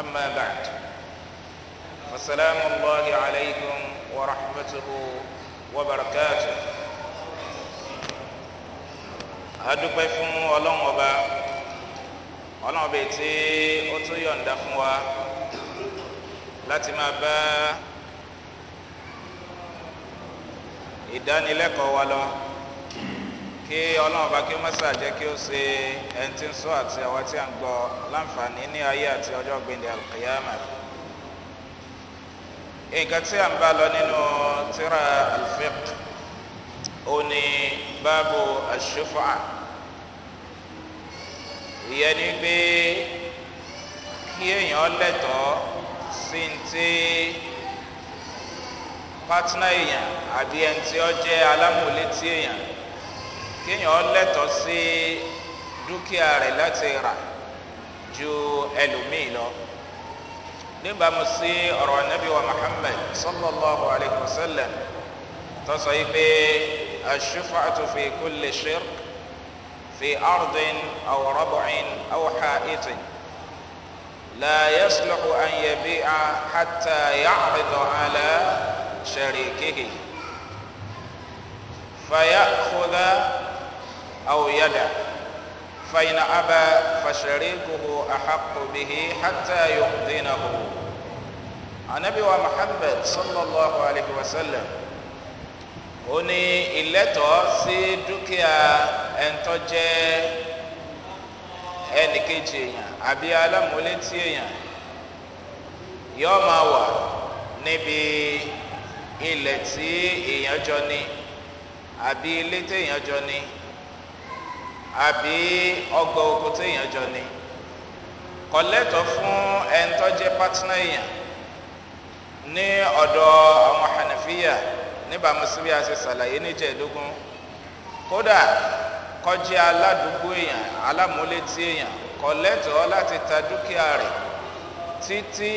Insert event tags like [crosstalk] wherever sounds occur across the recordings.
أما بعد فسلام الله عليكم ورحمته وبركاته adúpẹ́ fún ọlọ́run ọba ọlọ́run ọba tí ó tún yọ̀ǹda fún wa láti máa bá ìdánilẹ́kọ̀ọ́ wa lọ kí ọlọ́run ọba kí ó mọ́sà jẹ́ kí ó ṣe ẹni tí ń sọ àti àwọn tí a ń gbọ́ láǹfààní ní ayé àti ọjọ́ gbẹ̀ndẹ̀ alkiyama nǹkan tí a ń bá lọ nínú tíra alfiq ó ní báàbò àṣùfà ìyẹn ni pé kí èèyàn lẹ́tọ̀ọ́ sí ti pátánà èèyàn àbí ẹni tí ó jẹ́ alámúlétí èèyàn kéèyàn lẹ́tọ̀ọ́ sí dúkìá rẹ̀ láti rà ju ẹlòmíì lọ níbàámu sí ọ̀rọ̀ anábì wa muhammed sallallahu alayhi wa sallam tó sọ yìí pé aṣùfà fi kò lè ṣeré fi ardin aw rabu'in ha ìtìn la yasluhu an yabi'a hatta ya'ridu ala sharikihi fayakhudha أو يده فإن أبى فشريكه أحق به حتى يؤذنه النبي محمد صلى الله عليه وسلم ó ní ìlẹ́tọ̀ sí dúkìá ẹ̀ńtọ́ jẹ́ ẹnìkejì èèyàn àbí alámúlétí èèyàn yọ́ máa wà níbi ilẹ̀ tí èèyàn jọ ní àbí ilé tí èèyàn jọ ní àbí ọgbà oko téèyàn jọ ni kọ̀lẹ́tọ̀ fún ẹni tó jẹ́ pátánà èèyàn ní ọ̀dọ̀ àwọn hànàfíyà níbàámu sí bí a ṣe ṣàlàyé níjẹ̀ẹ́dógún kódà kọjá aládùúgbò èèyàn alámúlétí èèyàn kọ̀lẹ́tọ̀ láti ta dúkìá rẹ̀ títí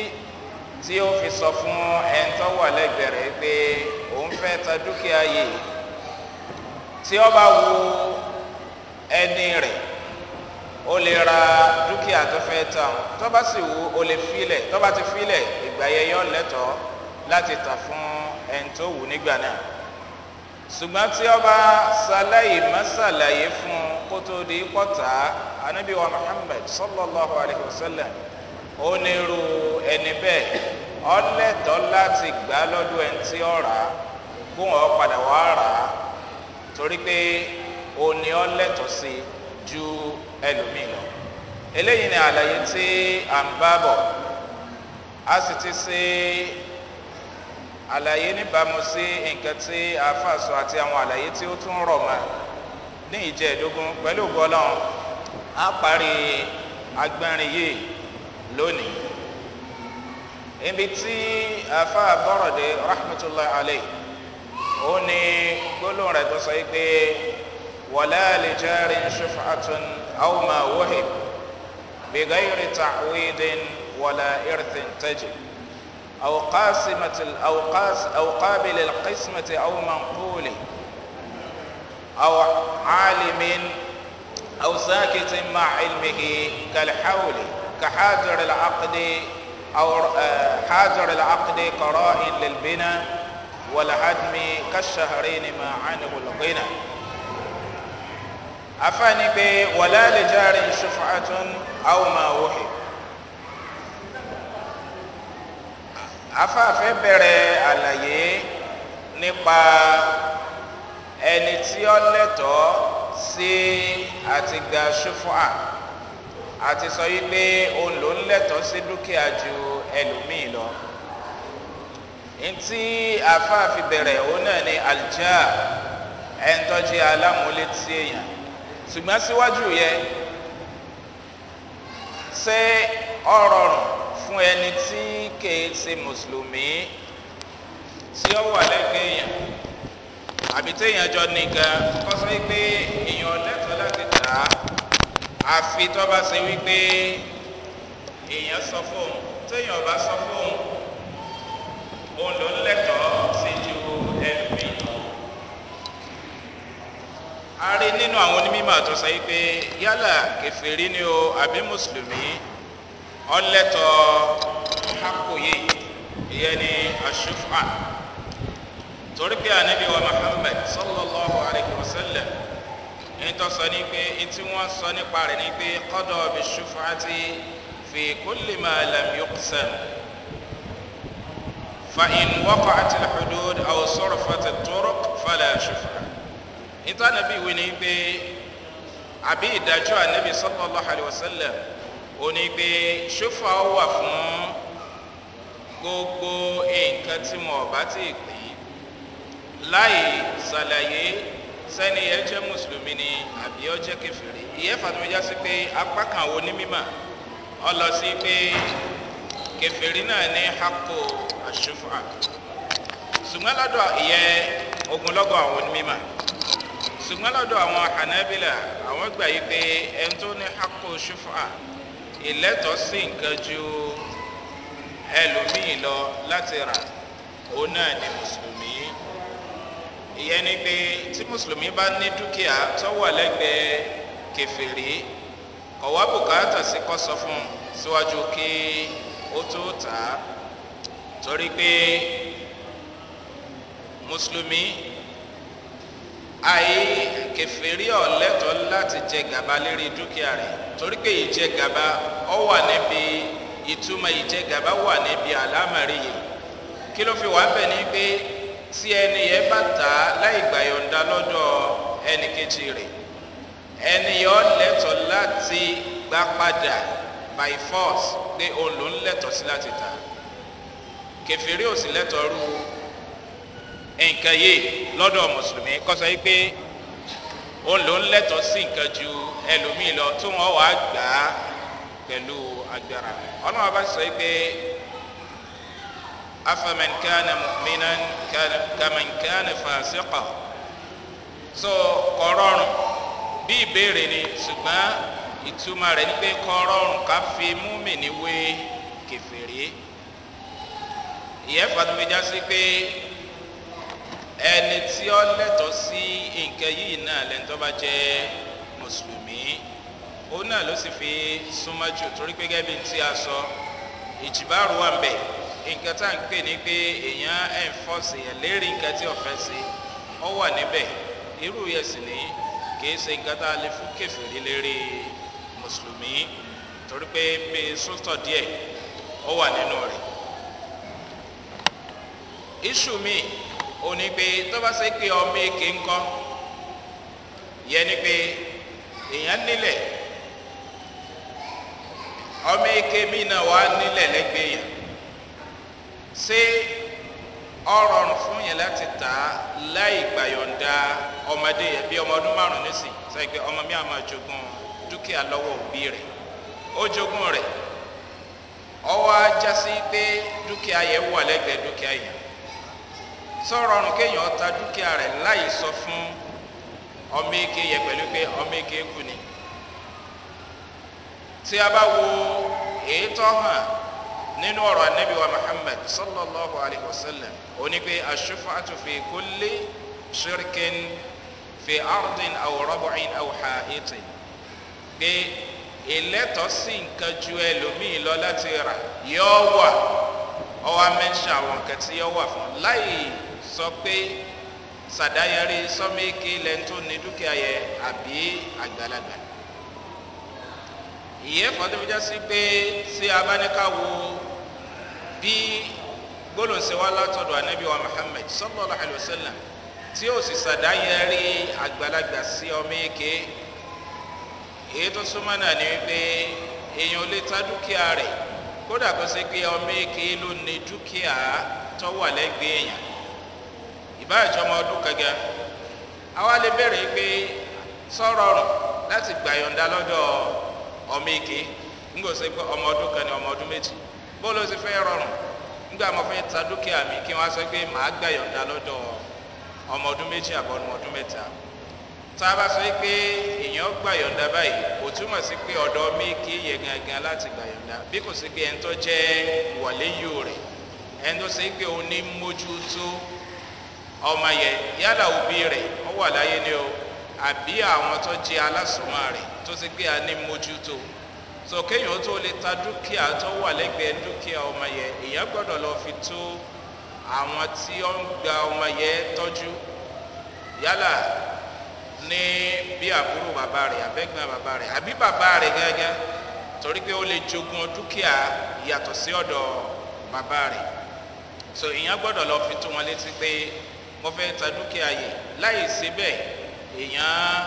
tí ó fi sọ fún ẹni tó wà lẹ́gbẹ̀ẹ́ rẹ̀ pé òun fẹ́ ta dúkìá yìí tí ọba wo ẹni rẹ̀ O lè ra dúkìá tó fẹ́ tàn tó bá sì wú ó lè filẹ̀ tó bá ti filẹ̀ ìgbà yẹn yọ lẹ́tọ̀ọ́ láti tàn fún ẹni tó wù nígbà náà ṣùgbọ́n tí ọba ṣàlàyé mọ́ṣàlàyé fún kó tó di pọ́tà anábíwá muhammed sallallahu alayhi wa sallam ó ní irú ẹni bẹ́ẹ̀ ọlẹ́tọ̀ọ́ láti gbà lọ́dún ẹni tí ó kó wọn padà wá rà á torí pé òní ọ lẹ́tọ̀ọ́ sí ju ẹlòmíì lọ eléyìí ni àlàyé tí à ń bá bọ̀ a sì ti ṣe àlàyé níbàámu sí nǹkan tí àáfàá sọ àti àwọn àlàyé tí ó tún rọ̀ mọ́ ní ìjẹ́ẹ̀dógún pẹ̀lú ògbọ́lọ́run á parí agbẹ́rin yìí lónìí ibi tí àáfàá bọ̀rọ̀ dé rahmatulahi alayhi ó ní gbólóhùn rẹ̀ tó sọ yìí pé. ولا لجار شفعة أو ما وهب بغير تعويض ولا إرث تجب أو قاسمة أو قاس أو قابل القسمة أو منقول أو عالم أو ساكت مع علمه كالحول كحاجر العقد أو آه، حاجر العقد قراء للبنى والهدم كالشهرين ما عنه الغنى afá ní pé wọ̀lá lè járe ṣùfàtún àwọmà òhì afá fẹ́ bẹ̀rẹ̀ àlàyé nípa ẹni tí ó lẹ́tọ̀ọ́ sí àti gba ṣùfà àti sọ wípé òun ló ń lẹ́tọ̀ọ́ sí dúkìá ju ẹlòmíì lọ ntí afá bẹ̀rẹ̀ òun náà ni aljá ẹ̀ńtọ́jú alámúlétí èèyàn ṣùgbọ́n síwájú yẹ ṣé ọ̀rọ̀ fún ẹni tí kèé ṣe mùsùlùmí tí ó wà lẹ́gbẹ̀ẹ́ èèyàn àbí téèyàn jọ nìkan kọ́ sọ wípé èèyàn lẹ́tọ̀ọ́ láti tà á àfi tó bá ṣe wípé èèyàn sọ fóun téèyàn bá sọ fóun òun ló lẹ́tọ̀ọ́. a rí nínú àwọn onímọ̀ tó sọ pé yálà kẹfìrí ni o àbí mùsùlùmí ọlẹ́tọ̀ hakoye ìyẹn ni ashufa torí pé ànábi wa muhammed sallallahu alayhi wa sallam ní tó sọ ní pé tí wọ́n sọ nípa rẹ̀ ní pé kọ́dọ̀ bí ṣufa ti fi kúlì máa lam yuqsam fa in wọ́pọ̀ àti lùdúd àwòsọ̀rọ̀ fàtẹ̀ tóró fàlẹ̀ ṣufa nítorí ànábì wí ni pé àbí ìdájọ́ ànábì sọ́lọ́lá àlùwọ̀sẹ́lẹ̀ ò ní pé ṣófà ó wà fún gbogbo nǹkan tí mo bá ti pè é láì ṣàlàyé sẹ́ni ẹ jẹ́ mùsùlùmí ni àbí ọ jẹ́ kẹfìrí ìyẹn fàtúmọ̀já sí pé apá kan wo ní mímọ̀ ọ lọ sí pé kẹfìrí náà ní hako àṣùfà ṣùgbọ́n lọ́dọ̀ ìyẹn ogunlọ́gọ̀ àwọn onímọ̀ ṣùgbọ́n lọ́dọ̀ àwọn hanabila àwọn gbà yí pé ẹni tó ní hako ṣufa ìlẹ́tọ̀ sí nǹkan ju ẹlòmíì lọ láti rà òun náà ni mùsùlùmí ìyẹn ni pé tí mùsùlùmí bá ní dúkìá tó wà lẹ́gbẹ̀ẹ́ kẹfìrí kọ̀wá bùkátà sí kọ́ sọ fún un síwájú kí ó tó tà á torí pé mùsùlùmí àyè kẹfìrí ọ̀lẹ́tọ̀ láti jẹ gàba lérí dúkìá rẹ̀ torí pé ìjẹ gàba ọ wà níbi ìtumọ̀ ìjẹ gàba wà níbi àlámàrí yìí kí ló fi wà ń bẹ̀ ni pé tí ẹni yẹn bá tà á láì gbàyọ̀ǹda lọ́dọ̀ ẹnì kejì rẹ̀ ẹni yẹn ọ̀lẹ́tọ̀ láti gbá padà by force pé òun ló ń lẹ́tọ̀ sí láti tà kẹfìrí ò sì lẹ́tọ̀ rú nǹkan yìí lọ́dọ̀ mùsùlùmí kọ́sọ́ yìí pé òun ló ń lẹ́tọ̀ọ́ sí nǹkan ju ẹlòmíì lọ tí wọ́n wàá gbà á pẹ̀lú agbára ọlọ́run bá sọ pé afẹ́mẹ̀nkánà mọ̀mìnán kàmẹ̀nkánà fàṣẹ́kọ̀ so kọ̀rọ̀rùn bí ìbéèrè ni ṣùgbọ́n ìtumọ̀ rẹ̀ ni pé kọ̀rọ̀rùn ká fi múmìnì wé kẹfẹ́rẹ́ ìyẹ́fà tó sí pé ẹni tí ó lẹ́tọ̀ọ́ sí nǹkan yìí náà lẹ́ni tó bá jẹ́ mùsùlùmí òun náà ló sì fi súnmọ́ jù torí pé gẹ́gẹ́ bí tí a sọ ìjìbáàrú wà ń bẹ̀ nǹkan tá à ń pè ní pé èèyàn ẹ̀ǹfọ́sì ẹ̀ lérí nǹkan tí ọ̀fẹ́ sí ọ wà níbẹ̀ irú yẹn sì ní kì ṣe nǹkan tá a lè fún kẹfìrí lérí mùsùlùmí torí pé bí sọ́tọ̀ díẹ̀ ọ wà nínú rẹ̀ iṣu míì. onigbe ní pé tó ọmọ èké ń kọ́ èèyàn nílẹ̀ ọmọ èké mi náà wà nílẹ̀ lẹ́gbẹ̀ẹ́ yẹn ṣé ọrọ̀rùn fún yẹn láti tà á láì gbàyọ̀ǹda ọmọdé yẹn bí ọmọ ọdún márùn-ún nísìn ọmọ mi àmọ́ jogún dúkìá lọ́wọ́ òbí rẹ̀ ó jogún rẹ̀ pé dúkìá sọ̀rọ̀ ọ̀run kéèyàn ta dúkìá rẹ̀ láì sọ fún ọmọ eke yẹ pẹ̀lú pé ọmọ eke kù ni tí a bá wo èyí tó hàn nínú ọ̀rọ̀ anábìwa muhammed sallallahu alayhi wa sallam ó ní pé aṣọ́fà àtúnfẹ́ kó lé ṣírkin fi ardin awurabuin awuha ete pé ìlẹ́tọ̀ nǹkan ju ẹlòmíì lọ láti rà yọ wà ọwọ́ amẹ́ńṣà àwọn nǹkan tí yọ wà fún láì sọ pé sàdáyẹrí sọmíkì lẹ́ńtò ní dúkìá yẹ àbí àgbàlagbà ìyẹn kan tó fi já sí pé ṣé abáníká wo bí gbólóǹsẹ̀wá látọ̀dọ̀ anábìwá muhammed sọ́lọ́lá àlùsọ́lá tí ó sì sàdáyẹrí àgbàlagbà sí ọmíkì èyí tó súnmọ́ náà ni wípé èèyàn lè ta dúkìá rẹ̀ kódà kó ṣe pé ọmíkì ló ní dúkìá tọ́wọ́ lẹ́gbẹ̀ẹ́ èèyàn. ìbáàjọ́ ọmọ ọdún kankan àwa lè béèrè pé sọ̀rọ̀ ọ̀rùn láti gbà yọ̀ǹda lọ́dọ̀ ọmọ ike ńgbò sí pé ọmọ ọdún kan ní ọmọ ọdún méjì bó ló ti fẹ́ rọrùn nígbà mo fẹ́ ta dúkìá mi kí wọ́n sọ pé màá gbà yọ̀ǹda lọ́dọ̀ ọmọ ọdún méjì àbọ̀nù ọdún mẹ́ta tá a bá sọ pé èèyàn gbà yọ̀ǹda báyìí kò túmọ̀ sí pé ọ̀dọ̀ yẹ gangan láti gbà yọ̀ǹda bí kò sí pé ẹni tó jẹ́ ọmọ yẹ yálà òbí rẹ̀ ọ wà láyé ní o àbí àwọn tó jẹ alásùnmọ́ rẹ̀ tó ti gbé a ní mójútó so kéèyàn tó lè ta dúkìá tó wà lẹ́gbẹ̀ẹ́ dúkìá ọmọ yẹ èèyàn gbọ́dọ̀ lọ fi tó àwọn tí ó ń gba ọmọ yẹ tọ́jú yálà ní bí àbúrò bàbá rẹ̀ àbẹ́gbọ́n bàbá rẹ̀ àbí bàbá rẹ̀ gẹ́gẹ́ torí pé ó lè jogun dúkìá yàtọ̀ sí ọ̀dọ̀ bàbá rẹ̀ so èèyàn gbọ́dọ̀ lọ fi tó wọn létí pé ọfẹ́ ta dúkìá yìí láì sí bẹ́ẹ̀ èèyàn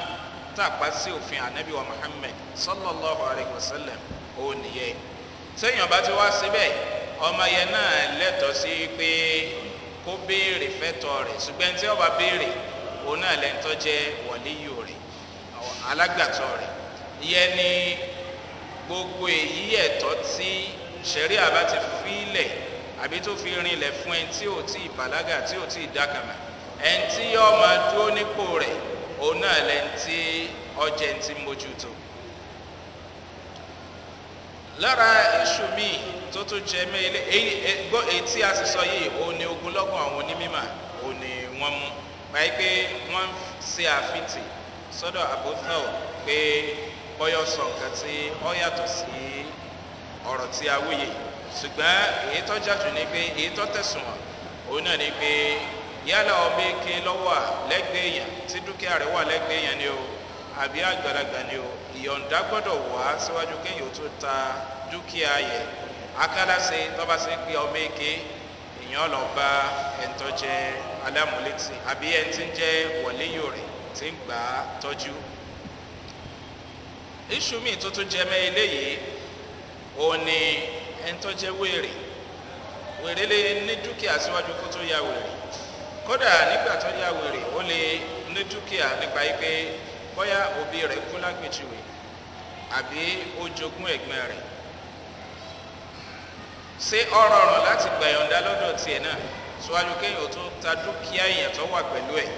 tàpá sí òfin ànábì wa muhammed sallallahu alayhi wa sallam ó nìyẹn sẹ́yìn ọba tí wá síbẹ̀ ọmọ yẹn náà lẹ́tọ̀ọ́ sí pé kó béèrè fẹ́tọ̀ rẹ̀ ṣùgbọ́n tí ọba béèrè òun náà lẹ́ńtọ́ jẹ́ wọ̀líyò rẹ̀ alágbàtọ́ rẹ̀ ìyẹn ni gbogbo èyí ẹ̀tọ́ tí sẹ̀rí àbá ti fílẹ̀ àbí tó fi rinlẹ̀ fún ẹni tí ò tí ì bàlágà tí ò tí ì dákàmà ẹni tí yóò máa dúró nípò rẹ̀ òun náà lẹni tí ọjà ẹni tí mójútó lára iṣu míì tó tún jẹ mẹ ilé èyí tí a sì sọ yìí òun ni ogunlọ́gùn àwọn onímọ̀ òun ni wọ́n mú báyìí pé wọ́n ṣe àfitì sọ́dọ̀ àbótọ́ pé bọ́yọ̀ sọ nǹkan tí ó yàtọ̀ sí ọ̀rọ̀ tí a wúyè ṣùgbọ́n èyí tó jàjù ni pé èyí tó tẹ̀sùn wọn òun náà ni pé yálà ọmọ eke lọ́wọ́ lẹ́gbẹ̀ẹ́ èèyàn tí dúkìá rẹ̀ wà lẹ́gbẹ̀ẹ́ èèyàn ni o àbí àgbàlagbà ni o ìyọ̀ǹda gbọ́dọ̀ wá síwájú kéèyàn ó tó ta dúkìá yẹ akálàṣe tọ́ba ṣe pé ọmọ eke èèyàn lọ bá ẹni tó jẹ alámúlétì àbí ẹni tí ń jẹ wọ̀léyò rẹ̀ tí ń gbà á tọ́jú. iṣu mi tuntun jẹ mẹ́ eléyìí òun ni ẹni tó jẹ́ wèrè wèrè lè ní dúkìá síwájú kó tó ya wèrè kódà nígbà tó ya wèrè ó lè ní dúkìá nípa yí pé bóyá òbí rẹ̀ kú lápèjúwe àbí ó jogún ẹ̀gbọ́n rẹ̀ ṣé ọ rọrùn láti gbàyọ̀ǹda lọ́dọ̀ tiẹ̀ náà síwájú kéèyàn tó ta dúkìá èèyàn tó wà pẹ̀lú ẹ̀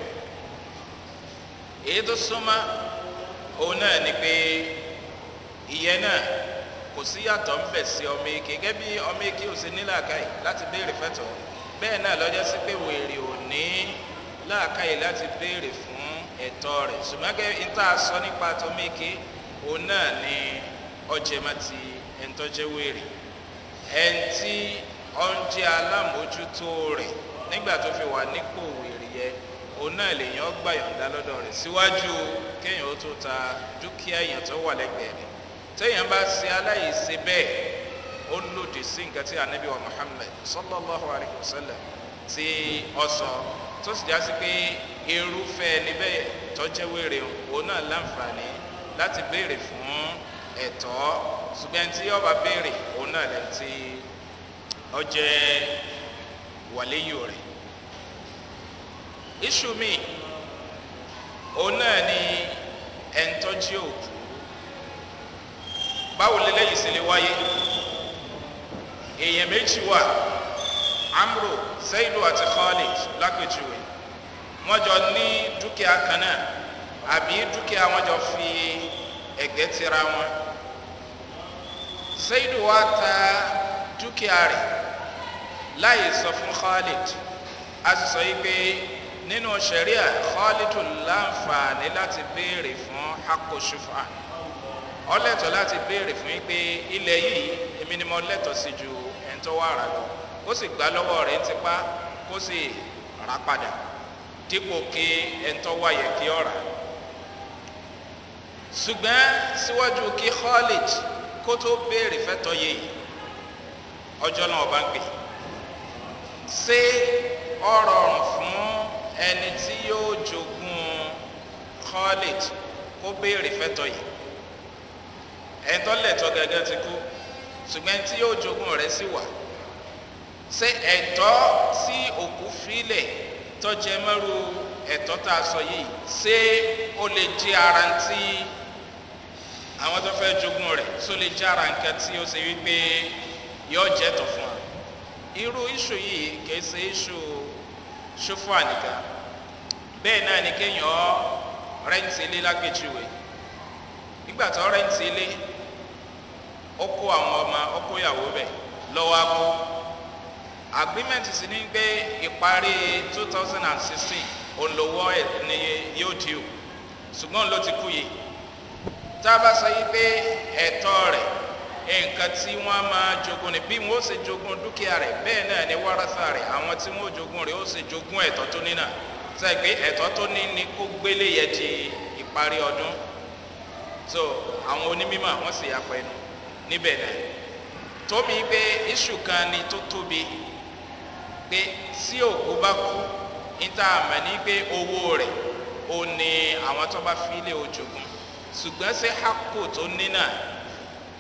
èyí tó súnmọ́ òun náà ni pé ìyẹn náà kò sí yàtọ̀ ń bẹ̀ sí ọmọ eke gẹ́gẹ́ bí ọmọ eke ò sí ní làákàyè láti béèrè fẹ́tọ̀ bẹ́ẹ̀ náà lọ́jọ́ sí pé wèrè ò ní làákàyè láti béèrè fún ẹ̀tọ́ rẹ̀ ṣùgbọ́n gẹ́gẹ́ ní tá a sọ nípa tọmọ eke òun náà ni ọjẹ́mọ́ ti ẹ̀ńtọ́jẹ́ wèrè ẹn tí ọ̀njẹ́ alámòójútó rẹ̀ nígbà tó fi wà nípò wèrè yẹ òun náà lèèyàn gbàyànjá lọ́dọ̀ rẹ̀ síwájú kéèyàn ó tó ta dúkìá èèyàn tó wà lẹ́gbẹ̀ẹ́ rẹ̀ téèyàn bá ṣe aláìṣe bẹ́ẹ̀ ó lòdì sí nǹkan tí anabi wa muhammed sallallahu alayhi wa sallam ti ọsọ tó sì já sí pé irúfẹ́ ẹni bẹ́ẹ̀ tọ́jẹ́ wèrè òun náà láǹfààní láti béèrè fún ẹ̀tọ́ ṣùgbọ́n tí ọba béèrè òun náà lẹ́yìn tí ọjẹ́ wàléyò rẹ̀ iṣu mi òun náà ni ẹ̀ńtọ́jú òkú báwo lélẹ́yìí sì lè wáyé èèyàn méjì wà amro seidu àti khalid lápèjúwe wọ́n jọ ní dúkìá kan náà àbí dúkìá wọn jọ fi ẹ̀gbẹ́ tira wọn seidu wa ta dúkìá rẹ̀ láì sọ fún khalid a sì sọ yí pé nínú sẹ̀ríà khalid láǹfààní láti béèrè fún hakosufa ọlẹ́tọ̀ láti béèrè fún yín pé ilẹ̀ yìí èmi ni mo lẹ́tọ̀ sí ju ẹ̀ńtọ́ wà rà lọ kó sì gbá lọ́wọ́ rẹ̀ ń tipá kó sì rà padà dípò kí ẹ̀ńtọ́ wà yẹ kí ọ̀rà ṣùgbọ́n síwájú kí college kó tó béèrè fẹ́tọ̀ yìí ọjọ́ náà bá ń pè ṣé ọ rọrùn fún ẹni tí yóò jogún college kó béèrè fẹ́tọ̀ yìí ẹni tó lẹ̀tọ́ gẹ́gẹ́ ti kú ṣùgbọ́n tí yóò jogún rẹ̀ sì wà ṣé ẹ̀tọ́ tí òkú fílẹ̀ tó jẹ mẹ́rù ẹ̀tọ́ tá a sọ yìí ṣé ó lè jẹ́ ara tí àwọn tó fẹ́ jogún rẹ̀ tó lè jẹ́ ara nǹkan tí ó ṣe wípé yóò jẹ́ tọ̀ fún wa irú iṣu yìí kìí ṣe iṣu ṣúfù ànìkan bẹ́ẹ̀ náà ni kéèyàn rẹ́ǹtì ilé lágbèjìwèé nígbà tó rẹ́ǹtì ilé ó kó àwọn ọmọ ó kó ìyàwó bẹ̀ lọ́wọ́ akó agreement sì ní pé ìparí 2016 olówó ẹ̀ ni yóò di o ṣùgbọ́n ló ti kú yìí tá a bá sọ yìí pé ẹ̀tọ́ rẹ̀ nǹkan tí wọ́n máa jogun ni bí wọ́n ó ṣe jogun dúkìá rẹ̀ bẹ́ẹ̀ náà ni wárásá rẹ̀ àwọn tí wọ́n ó jogun rẹ̀ ó ṣe jogun ẹ̀tọ́ tó ní náà sẹ́gbẹ́ ẹ̀tọ́ tó ní ni kó gbélé yẹ di ìparí ọdún so àwọn onímọ̀ wọ́n sì apẹ̀ ẹnu níbẹ̀ náà tóbi pé iṣu kan ni tó tóbi pé tí òkú bá kú níta àmọ́ ní pé owó rẹ̀ ó ní àwọn tó bá fi lé ojúgun ṣùgbọ́n ṣé hako tó ní náà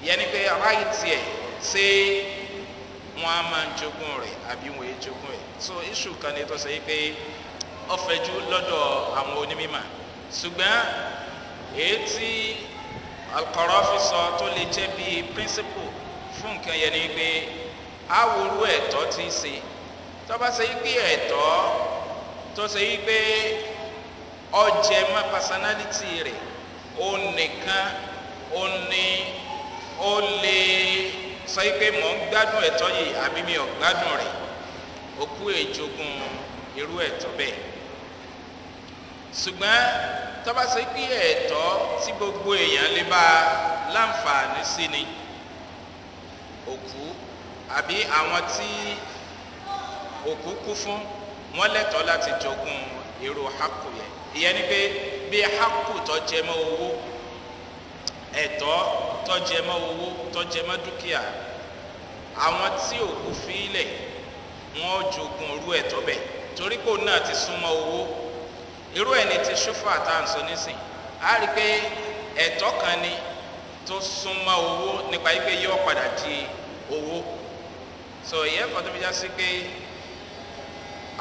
yẹn ni pé ráyì tiẹ̀ ṣé wọ́n á máa jogún rẹ̀ àbí wọ́n yé jogún rẹ̀ so iṣu kan ni tó ṣe pé ọ̀fẹ́jú lọ́dọ̀ àwọn onímọ̀ ṣùgbọ́n èyí tí alukọ̀rọ́fù sọ tó lè jẹ́ bí píríncípù fún nǹkan yẹn ni pé awòrú ẹ̀tọ́ ti ṣe tọ́ba ṣe pé ẹ̀tọ́ tó ṣe pé ọjẹ́ mọ́ pásánálítì rẹ̀ ó nìkan ó ní ó lè sọ pé mò ń gbádùn ẹ̀tọ́ yìí àbí mi ò gbádùn rẹ̀ òkú èjogún irú ẹ̀tọ́ bẹ́ẹ̀ ṣùgbọ́n tọ́ba ṣe pé ẹ̀tọ́ tí gbogbo èèyàn lè bá láǹfààní sí ni òkú àbí àwọn tí òkú kú fún wọn lẹ́tọ̀ọ́ láti jogún èrò hapu yẹn ìyẹn ni pé bí hapu tó jẹ mọ́ owó ẹ̀tọ́ tó jẹ mọ́ owó tó jẹ mọ́ dúkìá àwọn tí òkú fi ilẹ̀ wọn jogún orú ẹ̀tọ́ bẹ̀ torí pé náà ti súnmọ́ owó irú ẹni tí ṣúfà tá à ń sọ nísìn á rí i pé ẹ̀tọ́ kan ni tó súnmọ́ owó nípa yí yóò padà di owó so ìyẹn kan tó fi já sí pé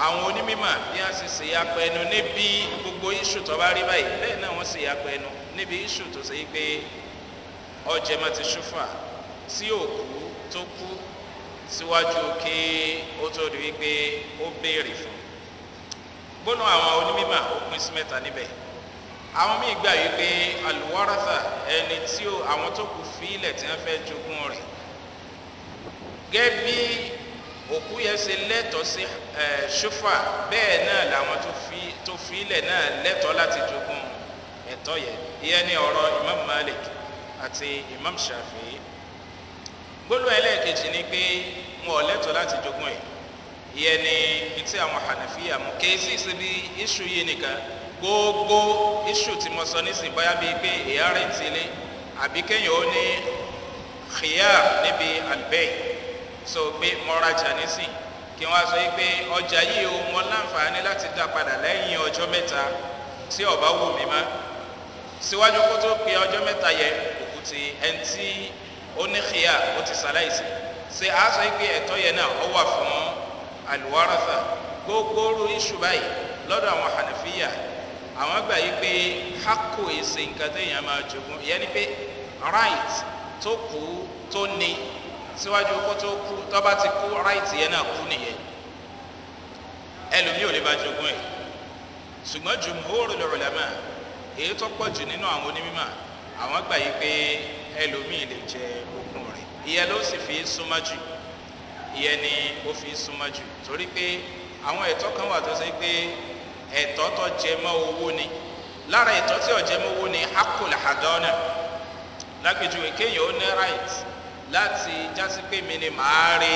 àwọn onímọ̀ bí wọ́n ṣe ṣe yàpọ̀ ẹnu níbi gbogbo iṣu tó bá rí báyìí bẹ́ẹ̀ náà wọ́n ṣe yàpọ̀ ẹnu níbi iṣu tó ṣe pé ọjẹ́ máa ti ṣúfà tí òkú tó kú síwájú kí ó tó di wípé ó béèrè fún gbóná àwọn onímọ̀ ó pín sí mẹ́ta níbẹ̀ àwọn míì gbà yí pé alùwárátà ẹni tí àwọn tó kù fi ilẹ̀ tí wọ́n fẹ́ jogún rẹ̀ gẹ́gẹ́ bí òkú yẹn ṣe lẹ́tọ̀ọ́ sí ṣúfà bẹ́ẹ̀ náà làwọn tó fi ilẹ̀ náà lẹ́tọ̀ọ́ láti jogún ẹ̀tọ́ yẹn ìyẹn ní ọ̀rọ̀ imam malik àti imam shafi gbólóhùn ẹlẹ́ẹ̀kejì ni pé wọn ò lẹ́tọ̀ọ́ láti jogún ẹ̀ yɛne mete a mo hanafiya mo kɛɛsi sɛ bi isu yi nika gbogbo isu ti mo sɔ ne si báyà bíi pé ìyá rẹ̀ ń tilé àbí kẹ́yìn ó ní so pé mo rajà nísìn kí wọ́n á sọ pé ọjà yìí o mo láǹfààní láti dá padà lẹ́yìn ọjọ́ mẹ́ta tí ọba wù mí mọ́ síwájú kó tó pe ọjọ́ mẹ́ta yẹ òkú ti ẹni ó ti sàlàyé sí ṣe àá sọ pé ẹ̀tọ́ yẹn náà ó wà fún alùwárọ̀sà gbogbo orú iṣu báyìí lọ́dọ̀ àwọn hànàfíyà àwọn gbà yí pé hako èsè nǹkan téèyàn máa jogún ìyẹn ni pé right tó kú tó ní síwájú kó tó kú tó bá ti kú right yẹn náà kú nìyẹn ẹlòmíì ò lè bá jogún ẹ̀ ṣùgbọ́n jùmọ̀ọ́rù lọ́rọ̀ lẹ́mọ̀ èyí tó pọ̀ jù nínú àwọn onímọ̀ àwọn gbà yí pé ẹlòmíì lè jẹ ogún rẹ̀ ìyẹn ló sì fi súnmọ́ jù ìyẹn ni ó fi súnmọ́ jù torí pé àwọn ẹ̀tọ́ kan wà tó ṣe pé ẹ̀tọ́ tó jẹ mọ́ owó ni lára ẹ̀tọ́ tí ò jẹ mọ́ owó ni akọlẹ̀ àdánà lápèjúwe kéèyàn ó ní right láti jásí pé mi ni màá rí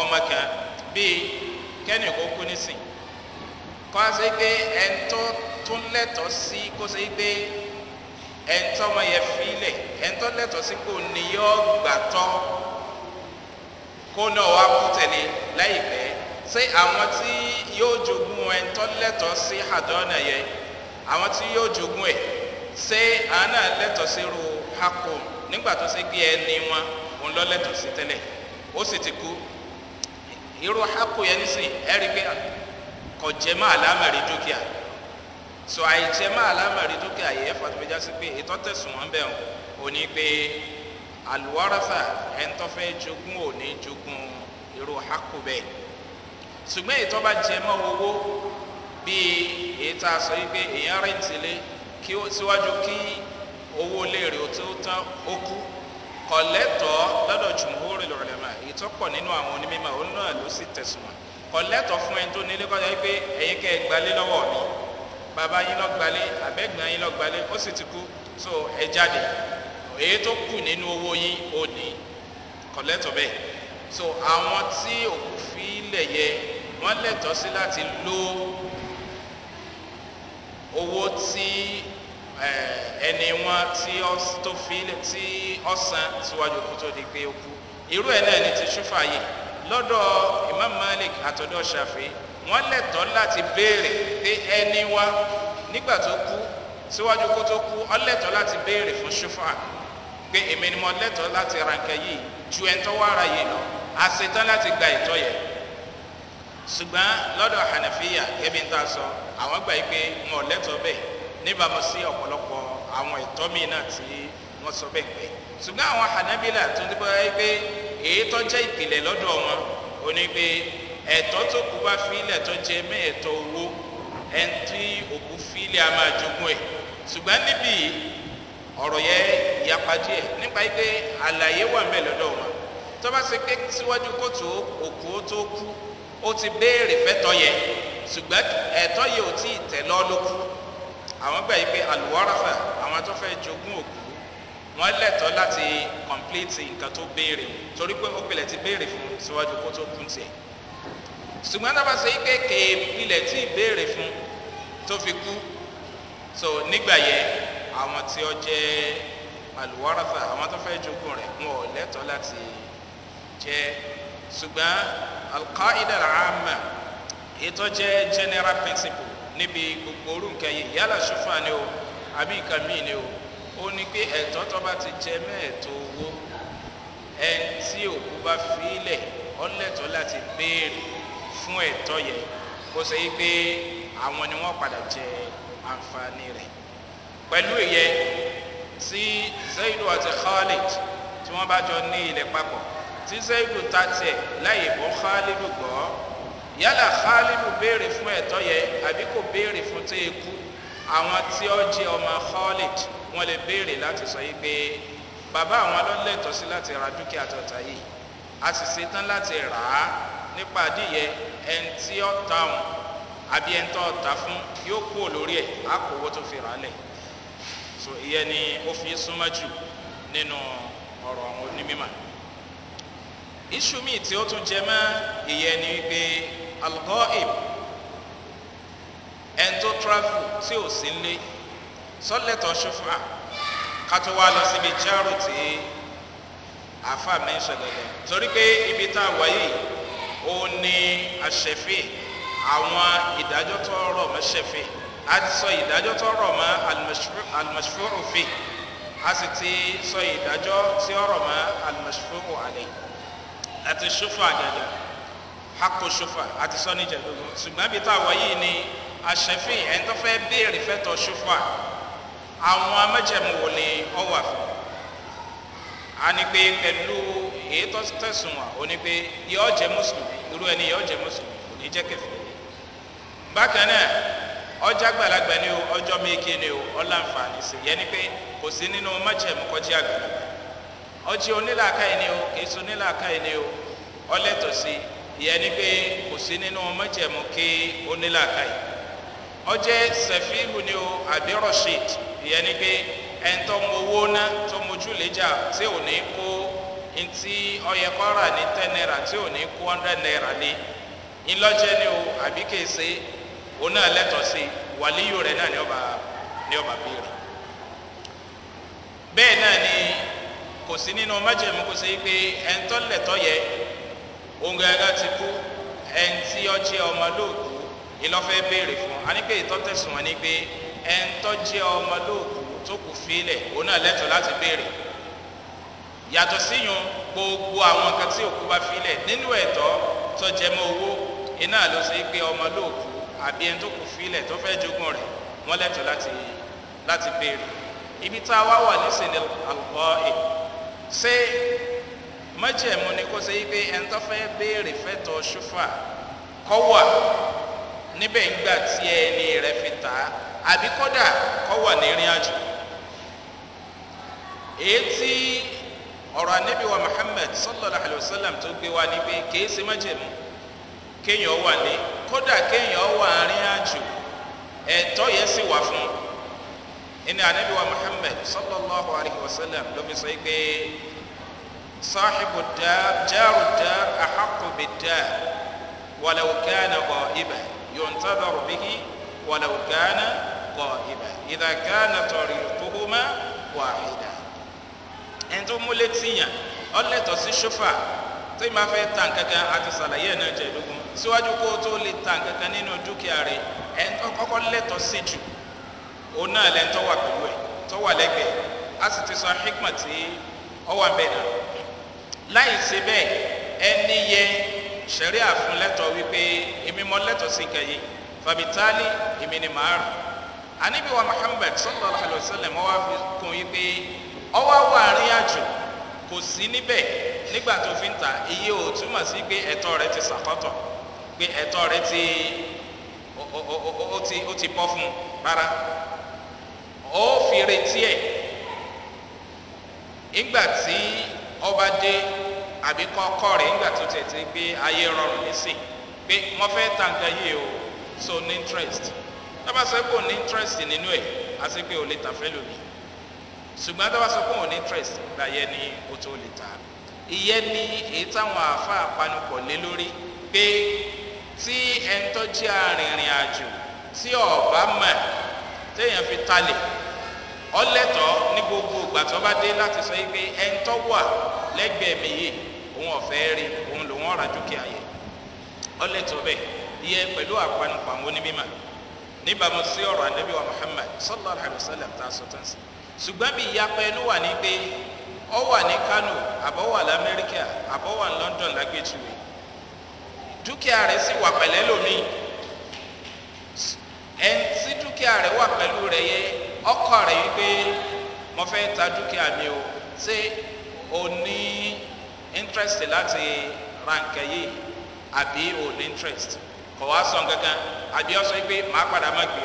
ọmọ kan bíi kẹ́nì kó kú nísìn kọ́ á ṣe pé ẹ̀ńtọ́ tún lẹ́tọ̀ọ́ sí kó ṣe pé ẹ̀ńtọ́mọ yẹ fílẹ̀ ẹ̀ńtọ́ lẹ́tọ̀ sí kò ní yọ gbàtọ́ kó náà wá kú tẹ̀lé láìpẹ́ ṣé àwọn tí yóò jogún ẹ̀ńtọ́ lẹ́tọ̀ sí àdánà yẹ àwọn tí yóò jogún ẹ̀ ṣé àwọn náà lẹ́tọ̀ sí ru hako nígbà tó ṣe gbé ẹni wọn òun lọ lẹ́tọ̀ sí tẹ́lẹ̀ ó sì ti kú irú hako yẹn nísìn ẹ̀rí pé kọ̀jẹ́ máa lámẹ̀rí dúkìá so àìtẹ́ máa lámàrí dúkìá yìí ẹ̀fà tó fi já sí pé ìtọ́tẹ̀sùn wọn bẹ̀ ò ní pé àlùwárọ́sà ẹ̀ńtọ́fẹ́ jogún ò ní jogún irú hákù bẹ́ẹ̀ ṣùgbọ́n ìtọ́ bá jẹ mọ́ owó bíi èyí tá a sọ yìí pé èèyàn rẹ̀ǹtì lé síwájú kí owó léèrè tó tán ó kú kọ̀lẹ́tọ̀ lọ́dọ̀ jùmọ̀hórì lọ́rọ̀lẹ́mà ìtọ́pọ̀ nínú àwọn onímọ̀ òun náà ló sì tẹ̀sùn wọn kọ̀lẹ́tọ̀ fún ẹni tó nílé kọjá pé ẹ̀yin kẹ́ ẹ gbalé lọ́wọ́ mi Baba yín lọ́gbalé àbẹ́gbọ́n yín lọ́gbalé ó sì ti kú so ẹ jáde èyí tó kù nínú owó yín ò ní kọ̀lẹ́tọ̀ bẹ́ẹ̀ so àwọn tí òkú fi lẹ̀ yẹ wọ́n lẹ̀tọ́ sí láti lo owó tí ẹni wọn tí tó fi tí ọ̀sán síwájú kú tó di pé ó kú irú ẹ̀ náà ni ti ṣúfà yìí lọ́dọ̀ imam malik àtọ́dọ̀ ṣàfihàn wọ́n lẹ̀tọ́ láti béèrè pé ẹni wá nígbà tó kú síwájú kó tó kú ọlẹ́tọ́ láti béèrè fún ṣúfà pé èmi ni mo lẹ́tọ́ láti ra nǹkan yìí ju ẹni tó wá ara yìí lọ àṣetán láti gba ìtọ́ yẹn ṣùgbọ́n lọ́dọ̀ hànàfíyà gẹ́bí ń ta sọ àwọn gbà yìí pé wọn ò lẹ́tọ́ bẹ́ẹ̀ níbàámu sí ọ̀pọ̀lọpọ̀ àwọn ẹ̀tọ́ míì náà tí wọ́n sọ bẹ́ẹ̀ pé ṣùgbọ́n àwọn hànàbílà tó ń dúpọ̀ yìí pé èyí tó jẹ́ ìpìlẹ̀ lọ́dọ̀ wọn ò pé ẹ̀tọ́ tó kú bá fílẹ̀ tó jẹ mẹ́ẹ̀tọ́ owó ẹni tí òkú fílẹ̀ a máa jogún ẹ̀ ṣùgbọ́n níbi ọ̀rọ̀ yẹn ìyapa díẹ̀ nípa pé àlàyé wà ń bẹ̀ lọ́dọ̀ wọn tó bá ṣe pé síwájú kóòtù òkú tó kú ó ti béèrè fẹ́tọ̀ yẹ ṣùgbọ́n ẹ̀tọ́ yẹ ò tí ì tẹ̀ lọ́ ló kú àwọn gbà yìí pé àlùwáràfà àwọn tó fẹ́ jogún òkú wọ́n lẹ̀tọ́ láti complete nǹkan tó béèrè torí pé ó pilẹ̀ ti béèrè fún síwájú kóòtù òkú tiẹ̀ ṣùgbọ́n tó bá ṣe pé kéèpilẹ̀ tí ìbéèrè fún tó fi kú so nígbà yẹn àwọn tí ó jẹ́ alùwárọ̀fà àwọn tó fẹ́ jogún rẹ̀ wọn ò lẹ́tọ̀ọ́ láti jẹ́ ṣùgbọ́n alqaida alama ètò jẹ́ general principle níbi gbogbo orú nǹkan yìí yálà ṣùfà ni o àbí nǹkan míì ni o ó ní pé ẹ̀tọ́ tó bá ti jẹ mẹ́ẹ̀tọ́ owó ẹni tí òkú bá fi í lẹ̀ ọ́ lẹ́tọ̀ọ́ láti béèrè fún ẹ̀tọ́ yẹn kó ṣe yí pé àwọn ni wọ́n padà jẹ àǹfààní rẹ̀ pẹ̀lú ìyẹn tí zaidu àti khalid tí wọ́n bá jọ ní ilẹ̀ papọ̀ tí zaidu ta tiẹ̀ láyè bọ́ khalidu gbọ́ yálà khalidu béèrè fún ẹ̀tọ́ yẹn àbí kò béèrè fún tí ikú àwọn tí ó jẹ ọmọ khalid wọ́n lè béèrè láti sọ yí pé bàbá àwọn lọ́lẹ́tọ̀ sí láti ra dúkìá tọ̀tà yìí a sì ṣetán láti rà á nípa adìyẹ ẹni tí ó ta wọn àbí ẹni tó ta fún yóò kú lórí ẹ̀ á kó owó tó fi rà á lẹ̀ so ìyẹn ni ó fi súnmọ́ jù nínú ọ̀rọ̀ àwọn onímọ̀ iṣu míì tí ó tún jẹ mọ́ ìyẹn ni wípé algoim ẹni tó travel tí ò sí ń lé sọ́lẹ̀tọ̀ ṣùfà wá lọ síbi járò tí àáfàá mi ń ṣẹlẹ̀ torí pé ibi tá a wáyé yìí ó ní àṣẹfẹ́ àwọn ìdájọ́ tó rọ̀ mọ́ ṣẹfẹ́ a ti sọ ìdájọ́ tó rọ̀ mọ́ alimọ̀ṣẹ́fẹ́ a sì ti sọ ìdájọ́ tí ó rọ̀ mọ́ alimọ̀ṣẹ́fẹ́ àlẹ́ àti ṣúfà àgàgà hako ṣúfà àti sọ níjẹ̀dógún ṣùgbọ́n bí táwọn yìí ni àṣẹfẹ́ ẹni tó fẹ́ béèrè fẹ́tọ̀ ṣúfà àwọn amẹ́jẹ̀mú wo ni ọ wà fún a ní pé pẹ̀lú èyí tó tẹ̀sùn wà ó ní pé yọ jẹ́ mùsùlùmí irú ẹni yọ jẹ́ mùsùlùmí kò ní jẹ́ kẹfẹ́ bákan náà ọjà ni o ọjọ́ méje ni o ọláǹfààní sí yẹn ni pé kò sí nínú májẹ̀mú kọjá àgbàlagbà ọjọ́ onílàákàyè ni o kì í so onílàákàyè ni o ọlẹ́tọ̀ sí ìyẹn ni pé kò sí nínú májẹ̀mú kí onílàákàyè ọjẹ́ sẹ̀fíìlù ni o àbí rọ̀ṣìd ìyẹn ni pé ẹ̀ńtọ́ mowó ná tó mojú lè jà tí ò ní kó ntí ọyẹ kọ́ra ní ten naira tí ò ní kú hundred naira lé ńlọ́jẹ́ ni o àbí kèsè òun náà lẹ́tọ̀ọ́ sí wàlíyò rẹ̀ náà ní ọba ní ọba bíra bẹ́ẹ̀ náà ni kò sí nínú májèmú kò sí pé ẹ̀ńtọ́lẹ̀tọ́ yẹ òun gẹ́gẹ́ ti kú ẹ̀ńtí ọjẹ́ ọmọlóòkú ìlọ́fẹ́ béèrè fún a ní pé ìtọ́tẹ̀sùn wọn ni pé ẹ̀ńtọ́jẹ́ ọmọlóòkú tó kù fílẹ̀ òun náà lẹ́tọ̀ọ́ láti béèrè fún yàtọ̀ síyùn gbogbo àwọn nǹkan tí òkú bá filẹ̀ nínú ẹ̀tọ́ tó jẹmọ́ owó iná ló ṣe pé ọmọ lóòkú àbí ẹni tó kù filẹ̀ tó fẹ́ jogún rẹ̀ wọ́n lẹ́tọ̀ láti láti béèrè ibi tá a wá wà nísìnyí àlùkọ́ ẹ̀ ṣé mọ́jẹ̀mú ni kó ṣe pé ẹni tó fẹ́ béèrè fẹ́tọ̀ ṣúfà kọ́ wà níbẹ̀ ńgbà tí ẹni rẹ̀ fi tà á àbí kọ́dà kọ́ wà ní ìrìn àjò èyí tí ọ̀rọ̀ anẹ́bí wa muhammed sallallahu alayhi wa sallam tó gbé wa níbi pé kìí ṣe májèmú kéèyàn wà ní kódà kéèyàn wà àárín àjò ẹ̀tọ́ yẹn sì wà fún un ẹni anẹ́bí wa muhammed sallallahu alayhi wa sallam ló fi sọ pé dá jáàrù dá àhàkù bì dá wàlàwùkánà bọ̀ ibà yóò ń tábàrù bíi wàlàwùkánà bọ̀ ibà ìdàkánà tọ̀rì kúkú má ẹni tó múlé tìyàn ọlẹ́tọ̀ sí ṣófà tó yìí máa fẹ́ ta nkankan àti sàlàyé ẹ̀ náà jẹ́ ìdógún síwájú kó tó lè ta nkankan nínú dúkìá rẹ̀ ẹni tó kọ́kọ́ lẹ́tọ̀ sí jù òun náà lẹ́ni tó wà pẹ̀lú ẹ̀ tó wà lẹ́gbẹ̀ẹ́ a sì ti sọ hikma tí ọ wà bẹ́ẹ̀ náà láì ṣe bẹ́ẹ̀ ẹni yẹ ṣẹ̀rí àfúnlẹ́tọ̀ wípé èmi mọ lẹ́tọ̀ sí kẹyìn fàbítálì èmi ni màá rà àníbi muhammed sallallahu alayhi wa sallam wá fi kún yí pé ọwọ́ wà àárín àjò kò sí níbẹ̀ nígbà tó fi ń tà iye ò túmọ̀ sí pé ẹ̀tọ́ rẹ ti sàkọ́tọ̀ pé ẹ̀tọ́ rẹ ti ó ti bọ́ fún un rárá ó fi retí ẹ̀ tí ọba dé àbí kọ́kọ́ rẹ̀ ìgbà tó tẹ̀ ayé rọrùn nísìn pé wọ́n fẹ́ yìí o so ní interest tọ́ba sọ pé kò ní interest nínú ẹ̀ àti pé lè ṣùgbọ́n tó bá sọ pé òun ní interest gbàyẹ ni ó tó lè ta ìyẹn ni èyí táwọn àáfà àpanukọ̀ lé lórí pé tí ẹni tó jẹ́ arìnrìn àjò tí ọ̀bá mọ̀ téèyàn fi talẹ̀ ọlẹ́tọ̀ ní gbogbo ìgbà tó bá dé láti sọ pé ẹni tó wà lẹ́gbẹ̀ẹ́ mi yìí òun ọ̀fẹ́ rí òun lòun ọ̀rà dúkìá yẹ ọlẹ́tọ̀ bẹ́ẹ̀ ìyẹn pẹ̀lú àpanupọ̀ àwọn onímọ̀ níbàámu sí ọ̀rọ̀ ànábìwá muhammad sallallahu alayhi wa sallam tá sọ tán sí i ṣùgbọ́n bí ìyapa ẹnu wà ní pé ọ wà ní kano àbọ̀wà lamẹ́ríkà àbọ̀wà london lágbèjúwe dúkìá rẹ̀ sì wà pẹ̀lẹ́ lómìn ẹni tí dúkìá rẹ̀ wà pẹ̀lú rẹ̀ yẹ ọkọ̀ rẹ̀ wípé mo fẹ́ ta dúkìá mi o ṣé o ní interest láti ra nǹkan yìí àbí o ní interest kọ̀ wá sàn gangan àbí ọ sọ pé màá padà má gbé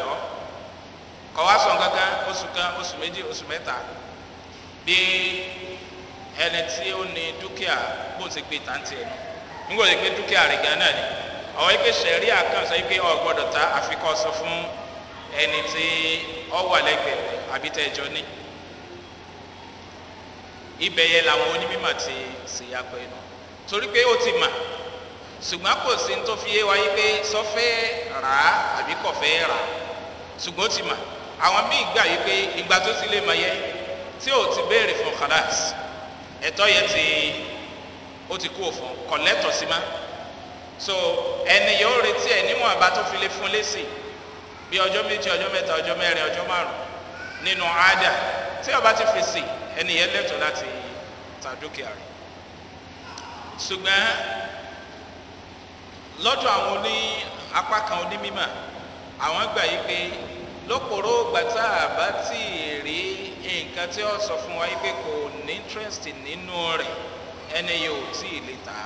kọ̀ wá sọ nǹkan kan oṣù kan oṣù méjì oṣù mẹ́ta bí ẹni tí ó ní dúkìá bó ti gbé tàǹtì ẹ̀ nígbà tó pé dúkìá rẹ̀ gan náà àwọn ike sẹ̀rí àkànṣe ike ọ̀gbọ́dọ̀ ta àfikọ́ sọ fún ẹni tí ọ wà lẹ́gbẹ̀ẹ́ àbí tẹ́jọ ní ibẹ̀ yẹn làwọn onímọ̀ ti ṣèyàpọ̀ ẹnu torí pé ó ti mà ṣùgbọ́n kò sí tó fi yé wa yí pé sọ fẹ́ rà á àbí kò fẹ́ rà á ṣùgbọ́n ó ti mà àwọn míì gbà yí pé ìgbà tó ti lè mọ̀ yẹn tí ò ti béèrè fún khalas ẹ̀tọ́ yẹn ti ó ti kú òfin kọ̀lẹ́tọ̀ sí má so ẹni yóò retí ẹ̀ níwọ̀n àbá tó fi lè fún lẹ́sìn bí ọjọ́ méjì ọjọ́ mẹ́ta ọjọ́ mẹ́rin ọjọ́ márùn nínú àádà tí ọba ti fèsì ẹni yẹn lẹ́tọ̀ láti ta dúkìá rẹ̀ ṣùgbọ́n lọ́dọ̀ àwọn oní apá kan onímọ̀ àwọn gbà yí pé lóporó gbàtà àbá tí rí nǹkan tí ó sọ fún wa pé kò ní interest nínú rẹ̀ ẹni yóò tí ì lè ta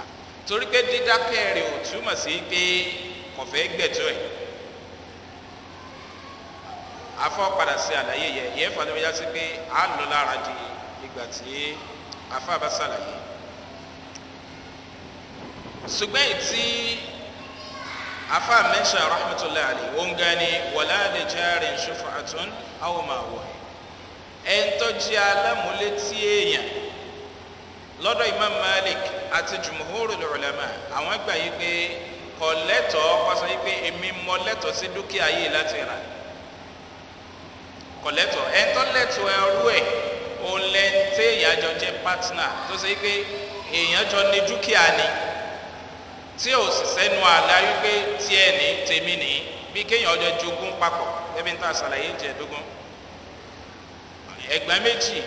torí pé dídákẹ́ rẹ̀ ò túmọ̀ sí pé kọ̀fẹ́ gbẹ̀jọ́ ẹ̀ afọ́ padà sí àlàyé yẹ ìyẹn fà lóyá sí pé a lò lára di ìgbà tí afọ́ àbá sàlàyé ṣùgbọ́n èyí tí afa mẹ́ṣà rahmatullahi alayhi ó ń ga ní wàláàdì járe ṣùfàtún àwòmáwò ẹn tó jẹ́ alámúlétí èèyàn lọ́dọ̀ imam malik àti jùmùhúrù lọ́rọ̀lẹ́mà àwọn gbà yí pé kọ̀ lẹ́tọ̀ọ́ pàṣẹ yí pé èmi mọ lẹ́tọ̀ọ́ sí dúkìá yìí láti rà kọ̀ lẹ́tọ̀ọ́ ẹn tó lẹ́tọ̀ọ́ ẹrú ẹ̀ òun lẹ́ntẹ́ èèyàn jọ jẹ́ pátínà tó ṣe yí pé èèyàn jọ ní dúkìá ni. Dúkìá, tí ò sì sẹ́nu àlá wípé tí ẹ̀ ní tèmi ní bí kéèyàn ọjọ́ jogún papọ̀ ẹbí ń ta àṣàlàyé ń jẹ dógún ẹ̀gbọ́n méjì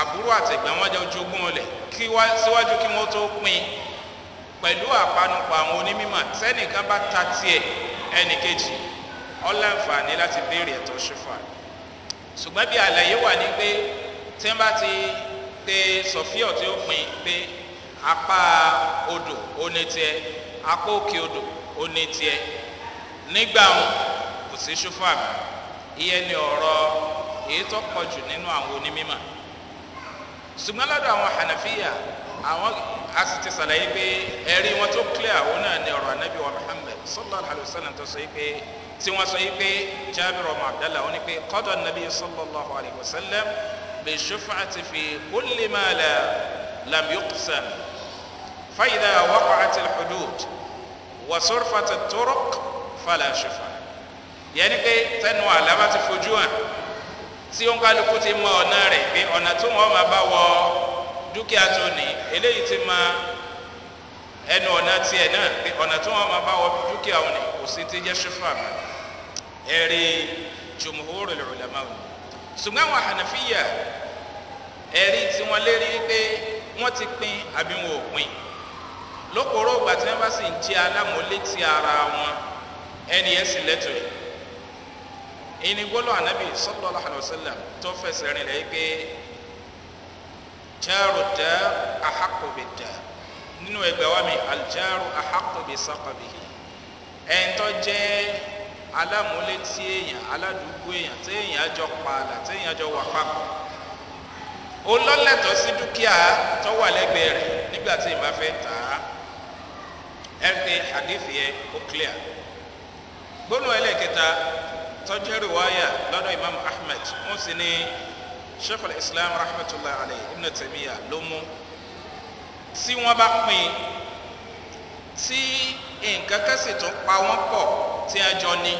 àbúrò àtẹ̀gbọ́n wọn jọ jogún ọlẹ̀ kí wá síwájú kí wọ́n tó pin pẹ̀lú àpanupọ̀ àwọn onímọ̀ tẹ́nìkan bá ta tiẹ̀ ẹnì kejì ọ̀làǹfààní láti béèrè ẹ̀tọ́ ṣùfà ṣùgbọ́n bí àlàyé wà ní pé tí wọ́n bá ti pe sọ̀fíọ̀ tí ó pin pé apá odò ó ní tiẹ̀ apá òkè odò ó ní tiẹ̀ nígbà wọn kò sí ṣúfà mi ìyẹn ni ọ̀rọ̀ èyí tó pọ̀ jù nínú àwọn onímọ̀ ṣùgbọ́n lọ́dọ̀ àwọn hànàfíà àwọn a sì ti sàlàyé pé ẹ̀rí wọn tó clear òun náà ni ọ̀rọ̀ anábì wa muhammed sallallahu alayhi wa sallam tó sọ pé tí wọ́n sọ pé jabir ọmọ abdallah wọn ni pé kọ́dọ̀ nàbí sallallahu alayhi wa sallam bẹ̀ ṣúfà ti fi kúlì máa lam yóò sàn fàyídà وصرفت torok fala ṣufa yẹni pé tẹnu àlá bá ti fojú hàn tí ó ń kálukú ti mọ ọ̀nà rẹ̀ pé ọ̀nà tó wọn máa bá wọ dúkìá tó ní eléyìí ti mọ ẹnu ọ̀nà tiẹ̀ náà pé ọ̀nà tó wọn máa bá wọ dúkìá òun kò sí ti jẹ́ ṣufa mọ́ ẹ̀rí jùmùhúrò lùlọ́mọ́ òun ṣùgbọ́n àwọn àhànàfíyà ẹ̀rí tí wọ́n lérí pé wọ́n ti pin àbí wọn ò pin lókòrò ìgbà tí wọ́n bá sì ń ti alámúlétí ara wọn ẹni ẹ̀ sì lẹ́tọ̀ ẹ̀ ìní gbólọ́ ànábì sọ́lọ́lá àlọ́sẹ́lẹ̀ tó fẹsẹ̀ rìn rẹ̀ pé jẹ́rù dẹ́ àhákòbè dẹ́ nínú ẹgbẹ́ wa mi aljẹ́rù àhákòbè sákòbè ẹni tó jẹ́ alámúlétí èèyàn aládùúgbò èèyàn tí èèyàn jọ pààlà tí èèyàn jọ wà papọ̀ ó lọ́lẹ̀tọ̀ sí dúkìá tó wà lẹ́gbẹ̀ẹ́ rẹ̀ nígbà tí ì ẹ̀fẹ̀ hadithi yẹ ó clear gbónú ẹlẹ́kẹta tọ́jú riwaya lọ́dọ̀ imam ahmed ń sì ní sheikh al-islam rahmatulah alayhi ibn taymiya ló mú tí wọ́n bá pin tí nǹkan kan sì tún pa wọ́n pọ̀ tí a jọ ní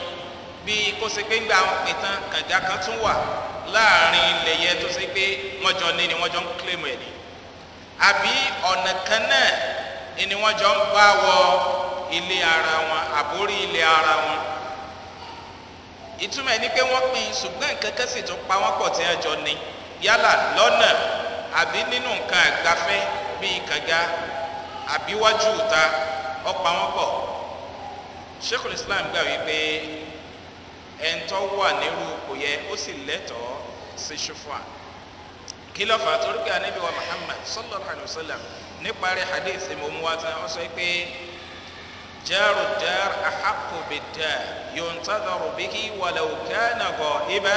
bí kó ṣe pé ńgbà wọn pin tán kànga kan tún wà láàrin ilẹ̀ tó ṣe pé wọ́n jọ ní ni wọ́n jọ ń claim ẹ̀ ní àbí ọ̀nà kan náà ni wọ́n jọ ń bá wọ ilé ara wọn àbórí ilé ara wọn ìtumọ̀ ni pé wọ́n pin ṣùgbọ́n nǹkan kan sì tún pa wọ́n pọ̀ tí wọ́n jọ ní yálà lọ́nà àbí nínú nǹkan àgbafẹ́ bíi kànga àbí wájú ìta ọ̀pá wọn pọ̀ sheikul islam gbà wípé ẹ̀ńtọ́ wà nírú kò yẹ ó sì lẹ́tọ̀ọ́ sí ṣùfọ́n kí ló torí pé anábìwá muhammad sallallahu alayhi wa sallam níparí hadith mo mú wá tán wọ́n sọ pé jaaru daar axaqu bidaa yuntadaru bihi walaw kaana gọ'iba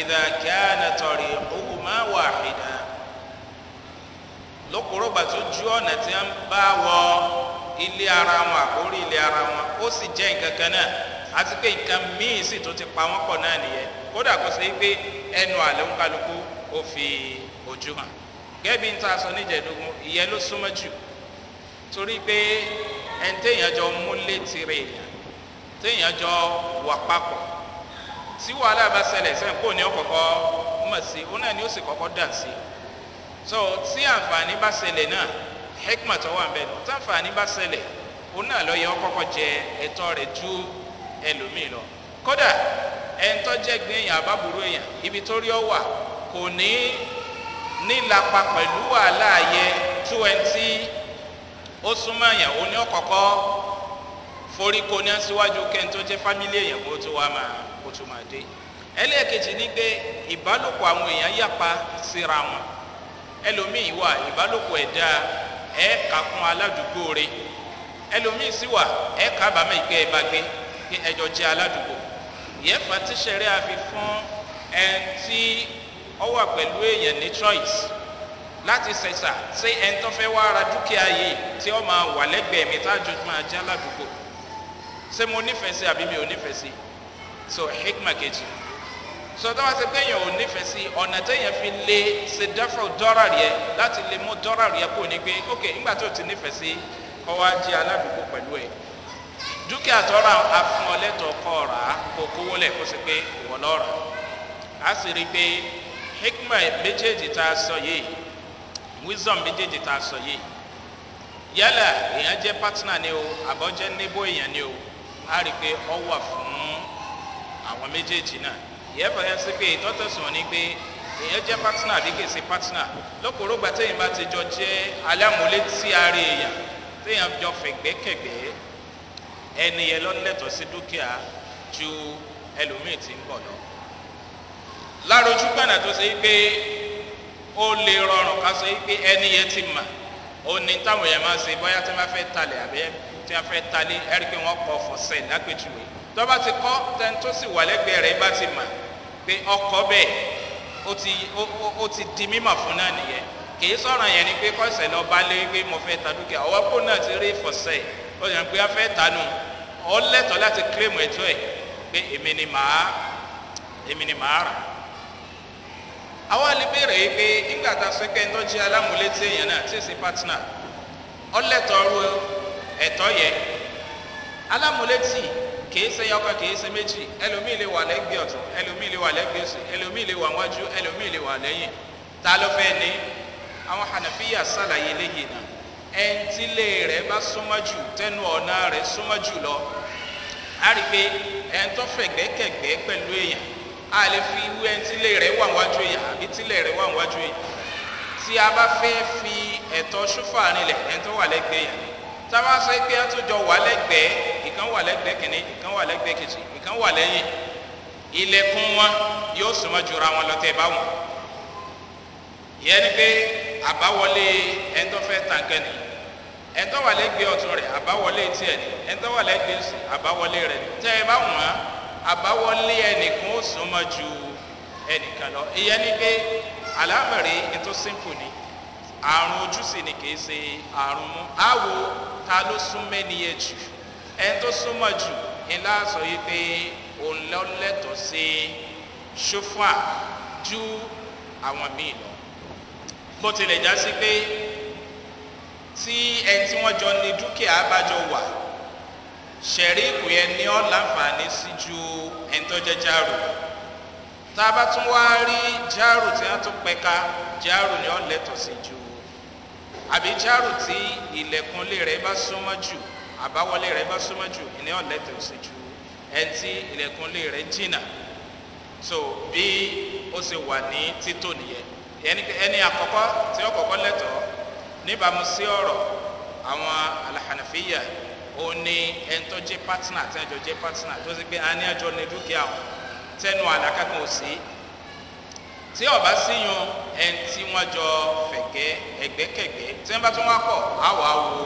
idà kaana tariiquhu ma waaxida lókùrọ̀gbà tó ju ọ̀nà tí wọ́n bá wọ ilé ara wọn àkórí ilé ara wọn ó sì jẹ́ nǹkan kan náà àti pé nǹkan míì sì tó ti pa wọ́n pọ̀ náà nìyẹn kódà kó ṣe pé ẹnu àlẹ́ ń kálukú ó fi ojú hàn gẹ́bí ń ta aṣọ níjẹ̀dógún ìyẹn ló súnmọ́ jù torí pé ẹni téèyàn jọ múlé tirè èèyàn téèyàn jọ wà papọ̀ tí wàhálà bá ṣẹlẹ̀ sẹ́yìn kò ní ọkọ̀ọ̀kọ́ mọ̀ sí òun náà ni ó sì kọ́kọ́ dà sí so tí àǹfààní bá ṣẹlẹ̀ náà hekima tó wà nbẹ náà táǹfààní bá ṣẹlẹ̀ òun náà lọ yẹ ọ kọ́kọ́ jẹ ẹ̀tọ́ rẹ̀ ju ẹlòmíì lọ kódà ẹ̀ńtọ́ jẹ́ gbẹ̀yìn àbábúrú èèyàn ibi tó rí ọ wà kò ní nílapa pẹ̀lú wàhálà ayẹ tó ẹni tí ó súnmọ́ èèyàn ó ní ọ̀kọ̀ọ̀kọ́ forí ko ní síwájú kẹ́ni tó jẹ́ fámílì èèyàn kó tó wá máa kó tó máa dé ẹlẹ́ẹ̀kejì ní pé ìbálòpọ̀ àwọn èèyàn yapa síra wọn ẹlòmíì wà ìbálòpọ̀ ẹ̀dá ẹ̀ẹ́ka fún aládùúgbò rẹ ẹlòmíì sì wà ẹ̀ẹ́ka àbámẹ́ ìgbẹ́ ẹ̀bá gbé kí ẹjọ́ jẹ́ aládùúgbò ìyẹ́fà tíṣẹ̀rẹ́ àfi fún ẹni tí ọ wà pẹ̀lú èèyàn ní choice láti ṣẹ̀ṣà ṣé ẹni tó fẹ́ wá ara dúkìá yìí tí ó máa wà lẹ́gbẹ̀ẹ́ mi tá a jọ máa jẹ́ aládùúgbò ṣé mo nífẹ̀ẹ́ sí àbí mi ò nífẹ̀ẹ́ sí so hikma kejì so tó wá sí pé èèyàn ò nífẹ̀ẹ́ sí ọ̀nà téèyàn fi lè ṣe dọ́fọ̀ dọ́rà rẹ̀ láti lè mú dọ́rà rẹ̀ kò ní pé ok nígbà tó ti nífẹ̀ẹ́ sí kọ́ wá jẹ́ aládùúgbò pẹ̀lú ẹ̀ dúkìá tọ́ra afún ọlẹ́tọ̀ọ́ kọ́ ọ̀rá kò kówó lẹ̀ kó sì pé ìwọ lọ́ọ̀rà á sì rí i pé hikma méjèèjì tá a sọ yìí wisdom méjèèjì tá a sọ yìí yálà èèyàn ni o àbọ̀jẹ́ èèyàn ni o a rí pé ọ wà fún àwọn méjèèjì náà ìyẹn fẹ́ sí pé ni pé èèyàn jẹ́ pátínà àbí kì ṣe pátínà lókòrógbà téèyàn bá ti jọ jẹ́ alámúlétí ara èèyàn téèyàn jọ fẹ̀gbẹ́kẹ̀gbẹ́ ẹni yẹn lọ́lẹ́tọ̀ọ́ sí dúkìá ju ẹlòmíì ti ń lárojú gbànà tó ṣe pé ó lè rọrùn ká ṣe pé ẹni yẹn ti mà ó ní táwọn èèyàn máa ṣe bóyá tí wọ́n fẹ́ talẹ̀ àbẹ́ tí wọ́n fẹ́ talẹ̀ ẹ̀rí pé wọ́n kọ́ fọ̀sẹ̀ lápèjúwe tó ti kọ́ tẹni sì wà lẹ́gbẹ̀ẹ́ rẹ̀ bá ti mà pé ọkọ̀ bẹ́ẹ̀ ó ti di mímọ̀ fún náà nìyẹn kìí sọ̀rọ̀ yẹn ni pé kọ́sẹ̀ lọ bá lé pé mo fẹ́ ta dúkìá ọwọ́ kó náà ti rí fọ̀sẹ̀ ó yàn pé a fẹ́ tanú ọ láti kílèmù ẹ̀tọ́ ẹ̀ pé èmi ni màá èmi ni màá rà àwọn àlebèrè yìí pé nígbà tá a sọ pé ẹ̀ńtọ́ jẹ́ alámúlétí èèyàn náà tí èsì pátínà ọlẹ́tọ̀ ru ẹ̀tọ́ yẹ alámúlétí kìí ṣe ọkọ kìí ṣe méjì ẹlòmíì lè wà lẹ́gbẹ̀ẹ́ ọ̀tún ẹlòmíì lè wà lẹ́gbẹ̀ẹ́ òsì ẹlòmíì lè ta ló fẹ́ ni àwọn hànàfíyà sàlàyé léyìí náà ẹni rẹ̀ bá súnmọ́ jù tẹnu ọ̀nà rẹ̀ súnmọ́ jù lọ á rí i pé ẹni pẹ̀lú a lè fi irú ẹni tílé rẹ̀ wà wájú èèyàn àbí tílé rẹ̀ wà wájú èèyàn tí a bá fẹ́ fi ẹ̀tọ́ ṣúfà nílẹ̀ ẹni tó wà lẹ́gbẹ̀ẹ́ yẹn tá a bá sọ pé a tó jọ wà lẹ́gbẹ̀ẹ́ ìkan wà lẹ́gbẹ̀ẹ́ kìnní ìkan wà lẹ́gbẹ̀ẹ́ kejì ìkan wà lẹ́yìn ilẹ̀kùn wọn yóò súnmọ́ jura wọn lọ́tẹ̀ bá wọn ìyẹn ni pé àbáwọlé ẹni tó fẹ́ tàǹkẹ́ nìyí ẹ̀ńtọ́ wà lẹ́gbẹ̀ẹ́ ọ̀tún rẹ̀ àbáwọlé tiẹ̀ ni ẹ̀ńtọ́ wà lẹ́gbẹ̀ẹ́ sí àbáwọlé rẹ̀ tẹ́ ẹ bá wọ̀n á àbáwọlé ẹnìkan ó súnmọ́ ju ẹnìkan lọ ìyẹn ni pé alámọ̀rẹ́ ètò simple ni àrùn ojú sì ni kìí ṣe àrùn mú àwo ta ló sún mẹ́niyẹ jù ẹni tó súnmọ́ jù ńlá sọ yìí pé òun lọ́lẹ́tọ̀ sí ṣófà ju àwọn míì lọ bó tilẹ̀ já sí pé tí ẹni tí wọ́n jọ ní dúkìá bá jọ wà ṣẹ̀ríkù yẹn ní ọ́ láǹfààní sí ju ẹni tó jẹ́ járù tá a bá tún wá rí járù tí wọ́n tún pẹka járù ni ọ́ lẹ́tọ̀ sí ju àbí járù tí ilẹ̀kùnlé rẹ̀ bá súnmọ́ jù àbáwọlé rẹ̀ bá súnmọ́ jù ni ọ́ lẹ́tọ̀ sí ju ẹni tí ilẹ̀kùnlé rẹ̀ jìnà so bí ó ṣe wà ní títò nìyẹn ẹni àkọ́kọ́ tí ó kọ́kọ́ lẹ́tọ̀ọ́ níbàámu sí ọ̀rọ̀ àwọn alahànàfíyà òun ni ẹni tó jẹ́ partner tí àjọ jẹ́ partner tó sì pé a ní àjọ ní dúkìá o tẹnu àlàkàkùn sí tí ọba sí yan ẹni tí wọ́n jọ fẹ̀gẹ́ ẹ̀gbẹ́kẹ̀gbẹ́ tí wọ́n bá tún wá pọ̀ á wàá wo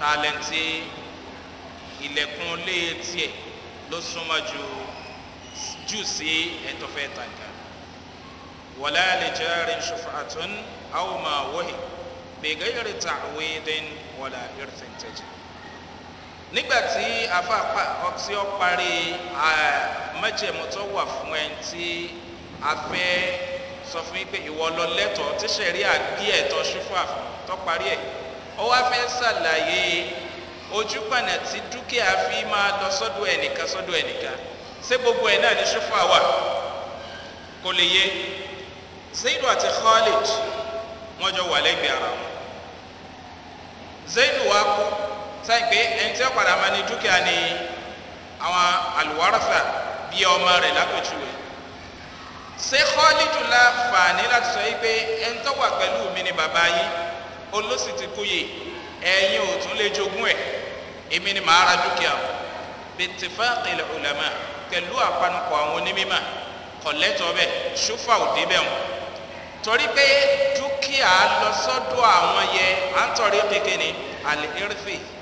tálẹ́ǹtì ilẹ̀kùn ló súnmọ́ ju jù sí ẹni tó fẹ́ tàǹkà wọ́lá lè jẹ́ rí ṣùfàtún àwọn ọmọ wòhì bẹ̀gẹ́ yẹrẹ tàwé dín wọ́lá yẹrẹ tẹ̀jẹ̀ nígbàtí àfàpà tí ó parí mẹ́jẹ̀mú tó wà fún ẹ tí a fẹ́ sọ fún yí pé ìwọ lọ lẹ́tọ̀ọ́ tí sẹ̀rí àgbí ẹ̀tọ́ ṣúfà tó parí ẹ̀ ó wá fẹ́ ṣàlàyé ojúpànà tí dúkìá fi máa lọ sọ́dọ̀ ẹnìkan sọ́dọ̀ ẹnìkan ṣé gbogbo ẹ̀ náà ní ṣúfà wà kò lè yé zaidu àti khalid wọ́n jọ wà lẹ́gbẹ̀ẹ́ ara wọn zaidu wá kú sẹ́yìn pé ẹni tí ó padà máa ní dúkìá ni àwọn àlùwárọ̀sà bí ọmọ rẹ̀ lápẹ̀jùwe ṣé kọ́lídù láǹfààní láti sọ yìí pé ẹni tó wà pẹ̀lú mi ni bàbá yín olóṣì ti kúyè ẹ̀yin ò tún lè jogún ẹ̀ èmi ni màá ra dúkìá o bẹ̀tẹ̀fà ìlẹ̀ òlàmà pẹ̀lú àpanupọ̀ àwọn onímọ̀ kọ̀lẹ́tọ̀ bẹ̀ ṣúfà òdì bẹ̀ wọn torí pé dúkìá lọ sọ́dọ̀ àwọn yẹ à ń tọ̀rí kékeré àlè ẹ̀rẹ́fẹ̀ẹ́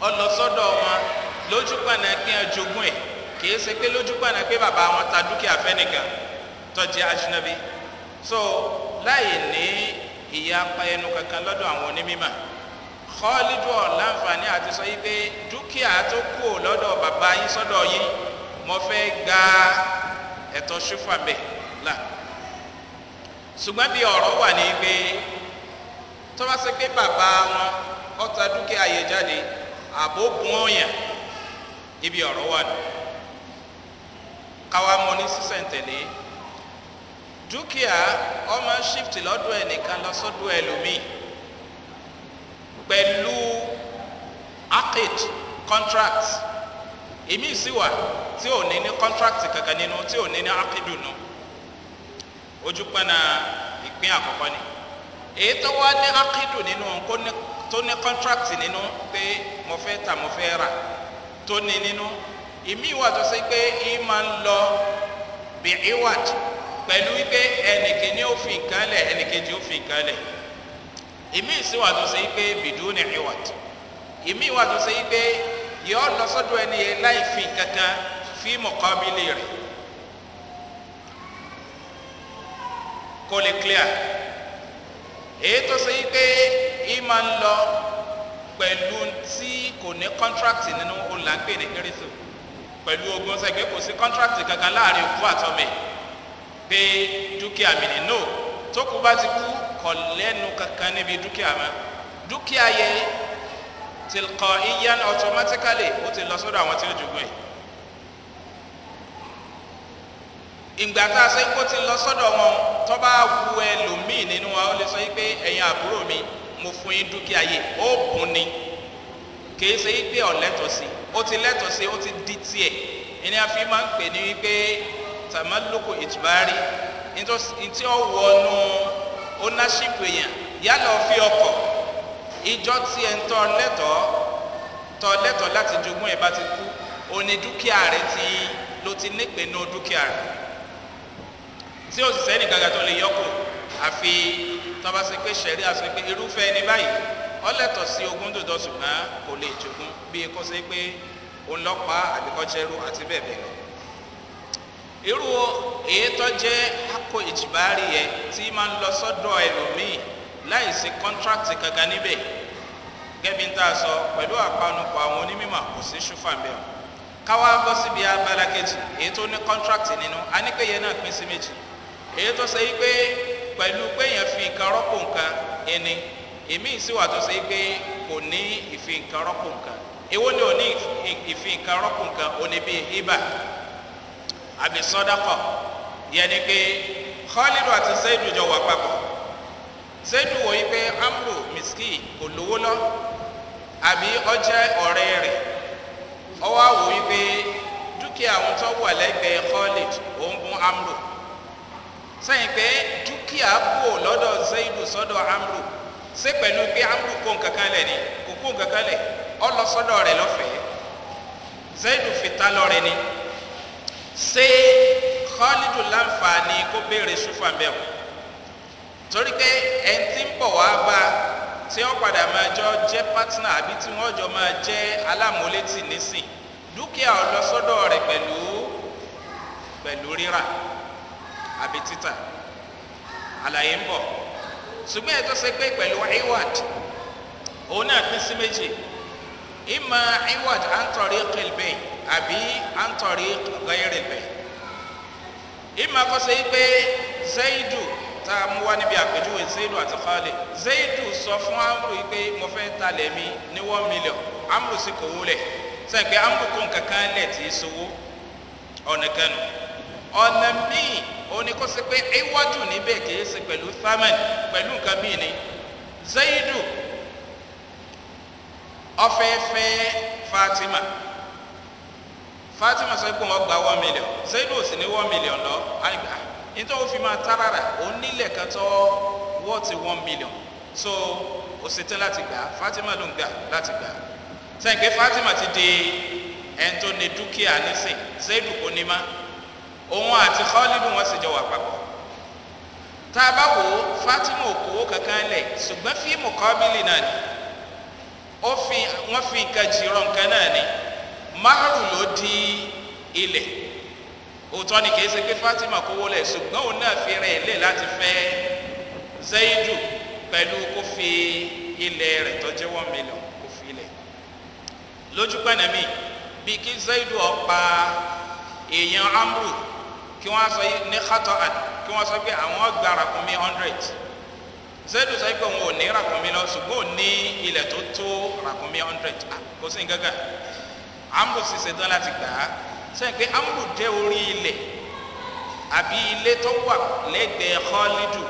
ọlọsọdọ wọn lójúpànà kí wọn jogún ẹ kìí ṣe pé lójúpànà pé bàbá wọn ta dúkìá fẹnìkan tọjú ajínigbé so láì ní ìyapa ẹnu kankan lọ́dọ̀ àwọn onímọ̀ kọ́lídùú ọ̀láǹfààní àti sọ yìí pé dúkìá tó kù lọ́dọ̀ bàbá yín sọ́dọ̀ yìí mo fẹ́ gba ẹ̀tọ́ ṣúfà bẹ̀ là ṣùgbọ́n bí ọ̀rọ̀ wà ní pé tó pé bàbá wọn ọta dúkìá yẹ jáde àbó gbọ́nyàn ibi ọ̀rọ̀ wà ní káwa mọ ní sísẹ̀ntẹ̀lé dúkìá ọmọ shift lọ́dọ̀ ẹnìkan lọ sọ́dọ̀ ẹlòmíì pẹ̀lú akid contract èmi sì wà tí ò ní ní contract kankan nínú tí ò ní ní akidu nù ojú pẹ́na ìpín àkọ́kọ́ ni èyí tó wá ní akidu nínú kó ní tó ní contract nínú pé mo fẹ́ tà mo fẹ́ rà tó ní nínú ìmí ìwà tó ṣe pé ì máa ń lọ bí iwad pẹ̀lú wípé ẹnìkan ní òfin nǹkan lẹ̀ ẹnìkan tí òfin nǹkan lẹ̀ ìmí ìsìnwà tó ṣe pé bìdú ní iwad ìmí ìwà tó ṣe pé yọ lọ ẹni yẹn láì fi kankan fi mọ̀kọ́bílì rẹ̀ kó lè clear èyí tó ṣe wípé ì máa ń lọ pẹ̀lú tí kò ní kọ́ńtrákìtì nínú olàgbé ní kérésì pẹ̀lú ogun sẹ́gbẹ́ kò sí kọ́ńtrákìtì kankan láàrin òkú àtọ́mẹ̀ pé dúkìá mi nínú tó kú bá ti kú kọ̀ lẹ́nu kankan níbi dúkìá mọ́ dúkìá yẹ tilkọ̀ iyan automatically ó ti lọ sọ́dọ̀ àwọn tí ó jogún ẹ̀ ìgbà tá a ṣe kó ti lọ sọ́dọ̀ wọn tó bá wu ẹlòmíì nínú wọn ó lè sọ pé ẹ̀yin àbúrò mi mo fún yín dúkìá yìí ó bùn ni kìí ṣe pé ọ̀lẹ́tọ̀ sí ó ti lẹ́tọ̀ sí ó ti di tiẹ̀ ìní a fi máa ń pè ní wípé tàmálùkù ìtùbárí ntí ó wọnú ownership èèyàn yálà òfin ọkọ̀ ìjọ tí ẹ̀ ń tọ́ lẹ́tọ̀ọ́ tọ́ lẹ́tọ̀ọ́ láti jogún ẹ̀ bá ti kú òní dúkìá rẹ̀ ti ló ti nípe nú dúkìá rẹ̀ tí ó sì sẹ́ni kankan tó lè yọkù àfi tọ́ba sí pé sẹ̀rí àti pé irúfẹ́ ẹni báyìí ọlẹ́tọ̀ sí ogún dòdò ṣùgbọ́n kò lè jogún bí kò sí pé òun lọ́pa àbíkọ́jẹ́rú àti bẹ́ẹ̀ bẹ́ẹ̀ lọ. irú èétọ́ jẹ́ akọ ìjìbárí yẹ tí máa ń lọ sọ́dọ̀ ẹlòmíì láì sí kọ́ńtrákìtì kankan níbẹ̀ gẹ́bí ń tà sọ pẹ̀lú àpanupọ̀ àwọn onímọ̀ kò sí ṣúfà mẹ́rin káwá bọ́ síbi abala kejì èyí tó ní kọ́ńtrákìtì nínú a ní pé yẹn náà pín sí méjì èyí tó ṣe pé pẹ̀lú pé èèyàn fi nǹkan rọ́pò nǹkan ẹni èmi sì wà tó ṣe pé kò ní ìfi nǹkan rọ́pò nǹkan èwo ni ò ní ìfi nǹkan rọ́pò nǹkan ò ní bíi hibà àbí sọ́dákọ̀ yẹn ni pé khalidu àti zaidu jọ wà papọ̀ zaidu wò yí pé amro miski kò lówó lọ àbí ọjẹ́ ọ̀rẹ́ rẹ̀ ọwọ́ àwò pé dúkìá àwọn tó wà lẹ́gbẹ̀ẹ́ khalid òun bún amro sẹ́yìn pé dúkìá kúò lọ́dọ̀ zayidu sọ́dọ̀ amru ṣé pẹ̀lú pé amru kó nǹkan kan lẹ̀ ni kò kó nǹkan kan lẹ̀ ọ lọ sọ́dọ̀ rẹ̀ lọ́fẹ̀ẹ́ zayidu fìtá lọ rẹ̀ ni ṣé khalidu láǹfààní kó béèrè ṣùfà mẹ́wọ̀ torí pé ẹni tí ń bọ̀ wá bá tí wọ́n padà máa jọ jẹ́ pátínà àbí tí wọ́n jọ máa jẹ́ alámúlétì nísìn dúkìá ọ lọ sọ́dọ̀ rẹ̀ pẹ̀lú pẹ̀lú rírà àbí títà àlàyé ń bọ̀ ṣùgbọ́n ẹ̀ tó ṣe pé pẹ̀lú iwad òun náà pín sí méjì ìmọ̀ iwad àǹtọ̀rí kìlbẹ̀ àbí àǹtọ̀rí gẹ́rẹ̀lbẹ̀ ìmọ̀ kó ṣe pé zaidu tá a mú wá níbi àpèjúwe zaidu àti khalid zaidu sọ fún amru pé mo fẹ́ talẹ̀ mi ní one million amru sì kò wúlẹ̀ sẹ́gbẹ́ amru kò nǹkan kan lẹ̀ tí í sowó ọ̀nà kanu ọ̀nà míì òní kó se pé iwájú níbẹ̀ kìí se pẹ̀lú thamen pẹ̀lú nǹkan míì ni zaidu ọ̀fẹ́fẹ́ fatima fatima sọ pé wọ́n gba one million zaidu ò sì ní one million lọ àgbà nítorí ó fi máa tárara òun nílẹ̀ kan tó wọ́ọ̀tì one million so ó ṣetán láti gbà fatima ló ń gbà láti gbà sẹ́yìn fatima ti di ẹni tó ní dúkìá nísìn zaidu kò ní máa òun àti khalidu wọn sì jọ wà papọ̀ tá a bá wò ó fatima ò kówó kankan lẹ̀ ṣùgbọ́n fíìmù kọ́bílì náà ni ó fi wọ́n fi nǹkan jìrọ̀ nǹkan náà ni márùn ló di ilẹ̀ òótọ́ ni kì í ṣe pé fatima kówó lẹ̀ ṣùgbọ́n òun náà fi rìn ilé láti fẹ́ zayidu pẹ̀lú kó fi ilẹ̀ rẹ̀ tọ́jú wọn mílíọ̀nù kó fi ilẹ̀ lójú pẹ́ẹ́nẹ́mì bíi kí zayidu ọ̀pa èèyàn amru kí wọ́n sọ ní xatọ́ àd kí wọ́n sọ pé àwọn gba ràkúnmí hundred zaidu sọ pé òun ò ní ràkúnmí lọ ṣùgbọ́n ò ní ilẹ̀ tó tó ràkúnmí hundred kò sí gángan ambu sì ṣetán láti gbà á sẹ́yìn pé ambu jẹ́ orí ilẹ̀ àbí ilé tó wà lẹ́gbẹ̀ẹ́ họ́lídù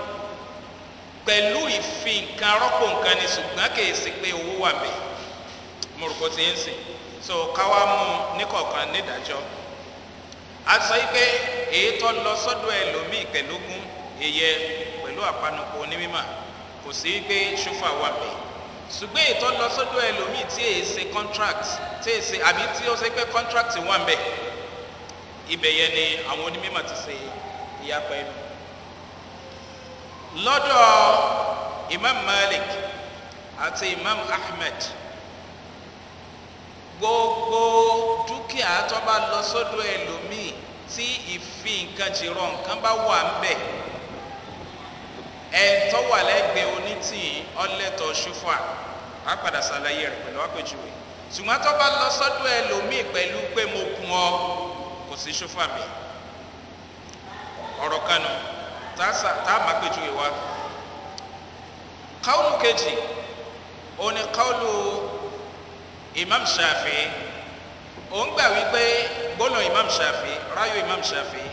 pẹ̀lú ìfi nǹkan rọ́pò nǹkan ni ṣùgbọ́n kìí sí pé owó wà bẹ́ẹ̀ mo rò kó ti ń sìn so káwá mú un níkọ̀ọ̀kan nídàájọ́ a sọ wípé èyí tó lọ sọ́dọ̀ ẹlòmíì pẹ̀lógún èyẹ pẹ̀lú àpanupọ̀ onímọ̀ kò sí wípé ṣúfà wà bẹ̀ ṣùgbọ́n èyí tó lọ sọ́dọ̀ ẹlòmíì tí èyí ṣe contract tí èyí ṣe àbí tí ó ṣe pé contract wà ń bẹ̀ ibẹ̀ yẹn ni àwọn onímọ̀ ti ṣe ìyapa ẹnu lọ́dọ̀ imam malik àti imam ahmed gbogbo dúkìá tó bá lọ sọ́dọ̀ ẹlòmíì tí ìfi nǹkan jìrọ̀ nǹkan bá wà ń bẹ̀ ẹ̀ tọ́ wà lẹ́gbẹ̀ẹ́ onítìyìn ọlẹ́tọ̀ ṣúfà á padà ṣàlàyé rẹ̀ pẹ̀lú àpèjúwe ṣùgbọ́n tó bá lọ sọ́dọ̀ ẹlòmíì pẹ̀lú pé mo kun ọ kò sí ṣúfà mi ọ̀rọ̀ kanu tá a máa pèjúwe wa kọ́ọ̀lù kejì òun ni kọ́ọ̀lù imam shafi'i òun gbà wípé gbólóhùn imam shafi ráyò imam shafi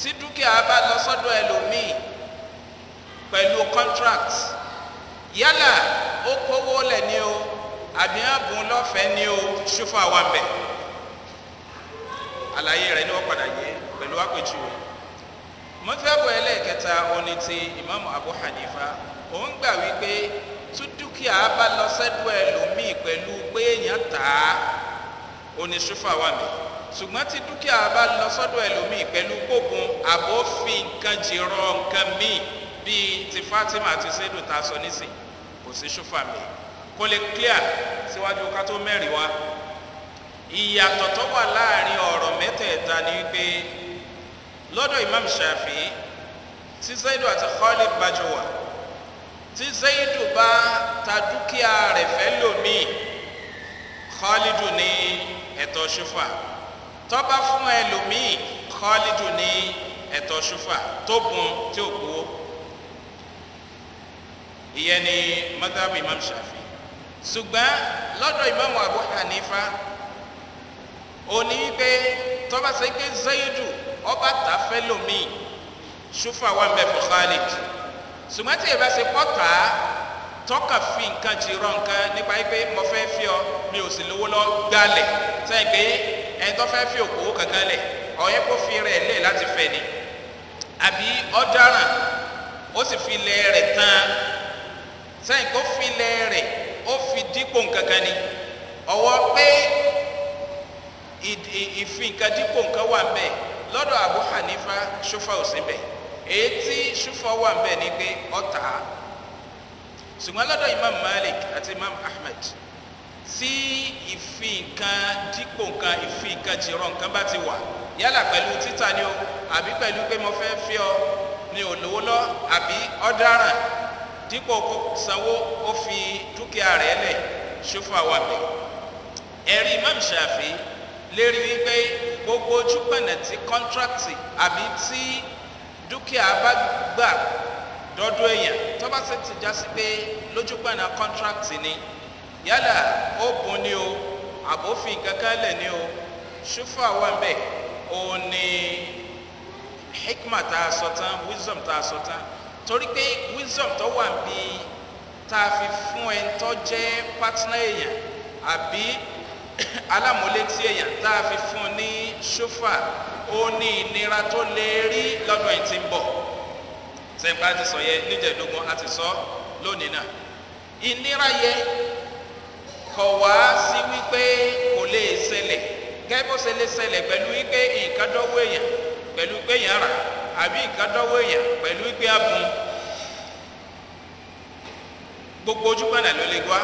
tí dúkìá bá lọ sọ́dọ̀ ẹlòmíì pẹ̀lú contract yálà ó kówó lẹ̀ ní o àbí ààbùn lọ́fẹ̀ẹ́ ní o ṣúfà wà mẹ́ àlàyé rẹ̀ ni wọ́n padà yé pẹ̀lú àpèjúwe mọ́tíwábọ̀ ẹlẹ́ẹ̀kẹta oní ti imam abu hanifa òun gbà wípé tí dúkìá bá lọ sẹ́dọ̀ ẹlòmíì pẹ̀lú pé èèyàn tàá oníṣúfà wà mí ṣùgbọ́n tí dúkìá bá lọ sọ́dọ̀ ẹlòmíì pẹ̀lú kókun àbó fi nǹkan jìrọ nǹkan míì bíi ti fatima àti sẹ́dù tá a sọ nísìn kò sí ṣúfà mi kó lè clear síwájú ká tó mẹ́rin wá ìyàtọ̀ tó wà láàrin ọ̀rọ̀ mẹ́tẹ̀ẹ̀ta ni pé lọ́dọ̀ imam shafi tí zaidu àti khalid bá jọ wà tí zaidu bá ta dúkìá rẹ̀ fẹ́ lòmíì khalidu ni ẹ̀tọ́ ṣúfà tọ́ba fún ẹlòmíì kọ́lídù ní ẹ̀tọ́ ṣúfà tó gun tí ò gbowó ìyẹn ni mọ́tàbù imam ṣàfi ṣùgbọ́n lọ́dọ̀ imam abu hanifa òní wípé tọ́ba sọ pé zayidu ọba tà fẹ́ lòmíì ṣúfà wà mẹ́ fún khalid ṣùgbọ́n tí ìbá ṣe pọ́tà tọ́ka fi nǹkan jìrọ̀ nǹkan nípa wípé mo fẹ́ fi ọ mi ò sì lówó lọ gbálẹ̀ sẹ́yìn pé ẹni tó fẹ́ fi òkú kankan lẹ̀ ọ̀yẹ́ kó fi rẹ̀ lẹ̀ láti fẹ̀ ni àbí ọ̀daràn ó sì fi lẹ̀ rẹ̀ tán sẹ́yìn kó fi lẹ̀ rẹ̀ ó fi dípò nkankan ni ọwọ́ pé ìfi dípò nǹkan wà ń bẹ̀ lọ́dọ̀ àbú hanifa ṣúfà ò sí bẹ̀ èyí tí ṣúfà wà ń bẹ̀ ni pé ọ̀tá ṣùgbọ́n lọ́dọ̀ imam malik àti imam ahmed tí ìfi nǹkan dípò nǹkan ìfi nǹkan jìrọ nǹkan bá ti wà yálà pẹ̀lú títà ni o àbí pẹ̀lú pé mo fẹ́ fi ọ ni ò lówó lọ àbí ọ̀daràn dípò kó sanwó ó fi dúkìá rẹ̀ lẹ̀ ṣófà wà bẹ̀. ẹ̀rí imam ṣàfi lérí wípé gbogbo ojúpẹ̀nà tí kọ́ńtrákìtì àbí tí dúkìá bá gbà dọ́dọ̀ èèyàn tó bá ti já pé lójúpẹ̀nà kọ́ńtrákìtì ni yálà ó ni o àbófin kankan lẹ̀ ni o ṣúfà wà ń bẹ̀ òun ni hikma tá sọ tán wisdom tá a sọ tán torí pé wisdom tó wà bí tá a fi fún ẹ tó jẹ́ pátánà èèyàn àbí [coughs] alámúlétí èèyàn tá a fi fún ní ṣúfà ó ní ìnira tó lè rí lọ́dún ẹ̀ tí ń bọ̀ tẹ̀gbá ti sọ yẹ níjẹ̀dógún a ti sọ lónìí náà ìnira yẹ kọ̀ wá sí wípé kò lè ṣẹlẹ̀ gẹ́gẹ́ ṣe lè ṣẹlẹ̀ pẹ̀lú wípé nǹkan èèyàn pẹ̀lú pé èèyàn rà àbí nǹkan pẹ̀lú wípé abùn gbogbo ojúpọ̀nà ló lè wá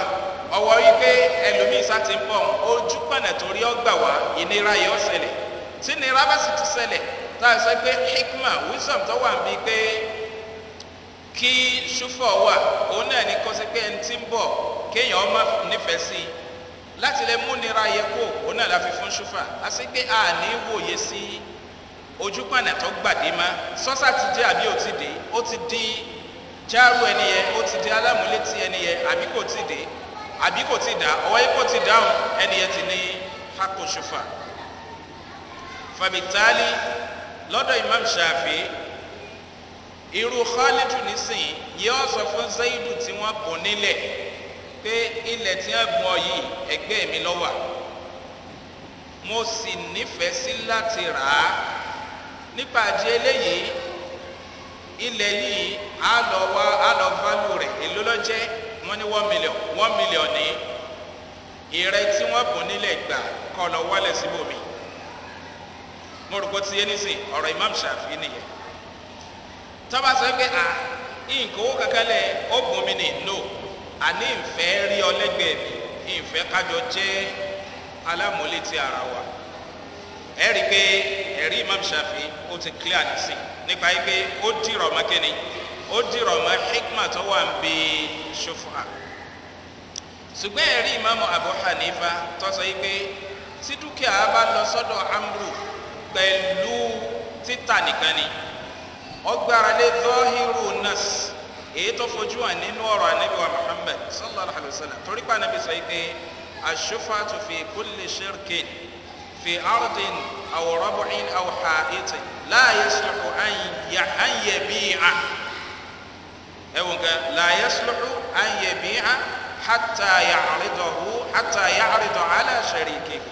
ọwọ́ wípé ẹlòmíì sá ti ń bọ̀ ojúpọ̀nà torí ọgbà wá ìnira yóò ṣẹlẹ̀ tí ìnira ti ṣẹlẹ̀ tá a hikma wisdom tó wà kí ṣúfọ̀ wà òun náà ní kó sí pé ẹni tí ń bọ̀ kéèyàn ọmọ nífẹ̀ẹ́ sí i láti lè múnira yẹ kó òun náà la fi fún ṣúfà á sí pé a ní wòye sí ojúpànà tó gbàdé má sọ́sà ti dé àbí ò ti dé ó ti di járù ẹni yẹ ó ti di alámúlétí ẹni yẹ àbí kò ti dé àbí kò ti dá ọwọ́ yìí kò ti dáhùn ẹni yẹ ti ní hako ṣúfà fàbítálí lọ́dọ̀ imam ṣàfihàn irú khalidu nísìnyí yóò sọ fún zaidu tí wọ́n bùn nílẹ̀ pé ilẹ̀ tí wọ́n bùn ọ yìí ẹgbẹ́ mi lọ́wà mo sì nífẹ̀ẹ́ sí láti rà á nípa àjẹ eléyìí ilẹ̀ yìí á lọ wá á lọ fálù rẹ̀ èló lọ́jẹ́ wọ́n ní one million one million ní ìrẹ tí wọ́n bùn nílẹ̀ gbà kọ́ lọ wálẹ̀ síbòmí mo rò pé ti yé nísìn ọ̀rọ̀ imam shafi nìyẹn tọ́ba sọ pé à nǹkan owó kankan lẹ̀ ó bùn mi nì no àní ìfẹ́ rí ọ lẹ́gbẹ̀ẹ́ mi ìfẹ́ kájọ jẹ́ alámúlétí ara wa ẹ rí i pé ẹ̀rí imam shafi ó ti clear nísìn nípa yìí pé ó dìrọ̀ mọ́ kíni ó dìrọ̀ mọ́ hikma tó wà ń bi ṣòfà ṣùgbọ́n ẹ̀rí imam abu hanifa tó sọ yìí pé tí dúkìá bá lọ sọ́dọ̀ amru pẹ̀lú títà nìkan ni. ọgbàrá lé dọ́hìrù nas èyí tó fojú wà nínú ọ̀rọ̀ ànábì wa muhammed sallallahu alayhi wa sallam torí pa ànábì sọ yìí pé aṣọ́fà tó fi kúlè ṣírkì fi ardin àwòrọ́bùin àwòhà ètè láàyè sùlùkù àyè bíyà ẹ̀wọ̀n kan láàyè sùlùkù àyè bíyà hàtà yà hù hàtà yà yàrìdọ̀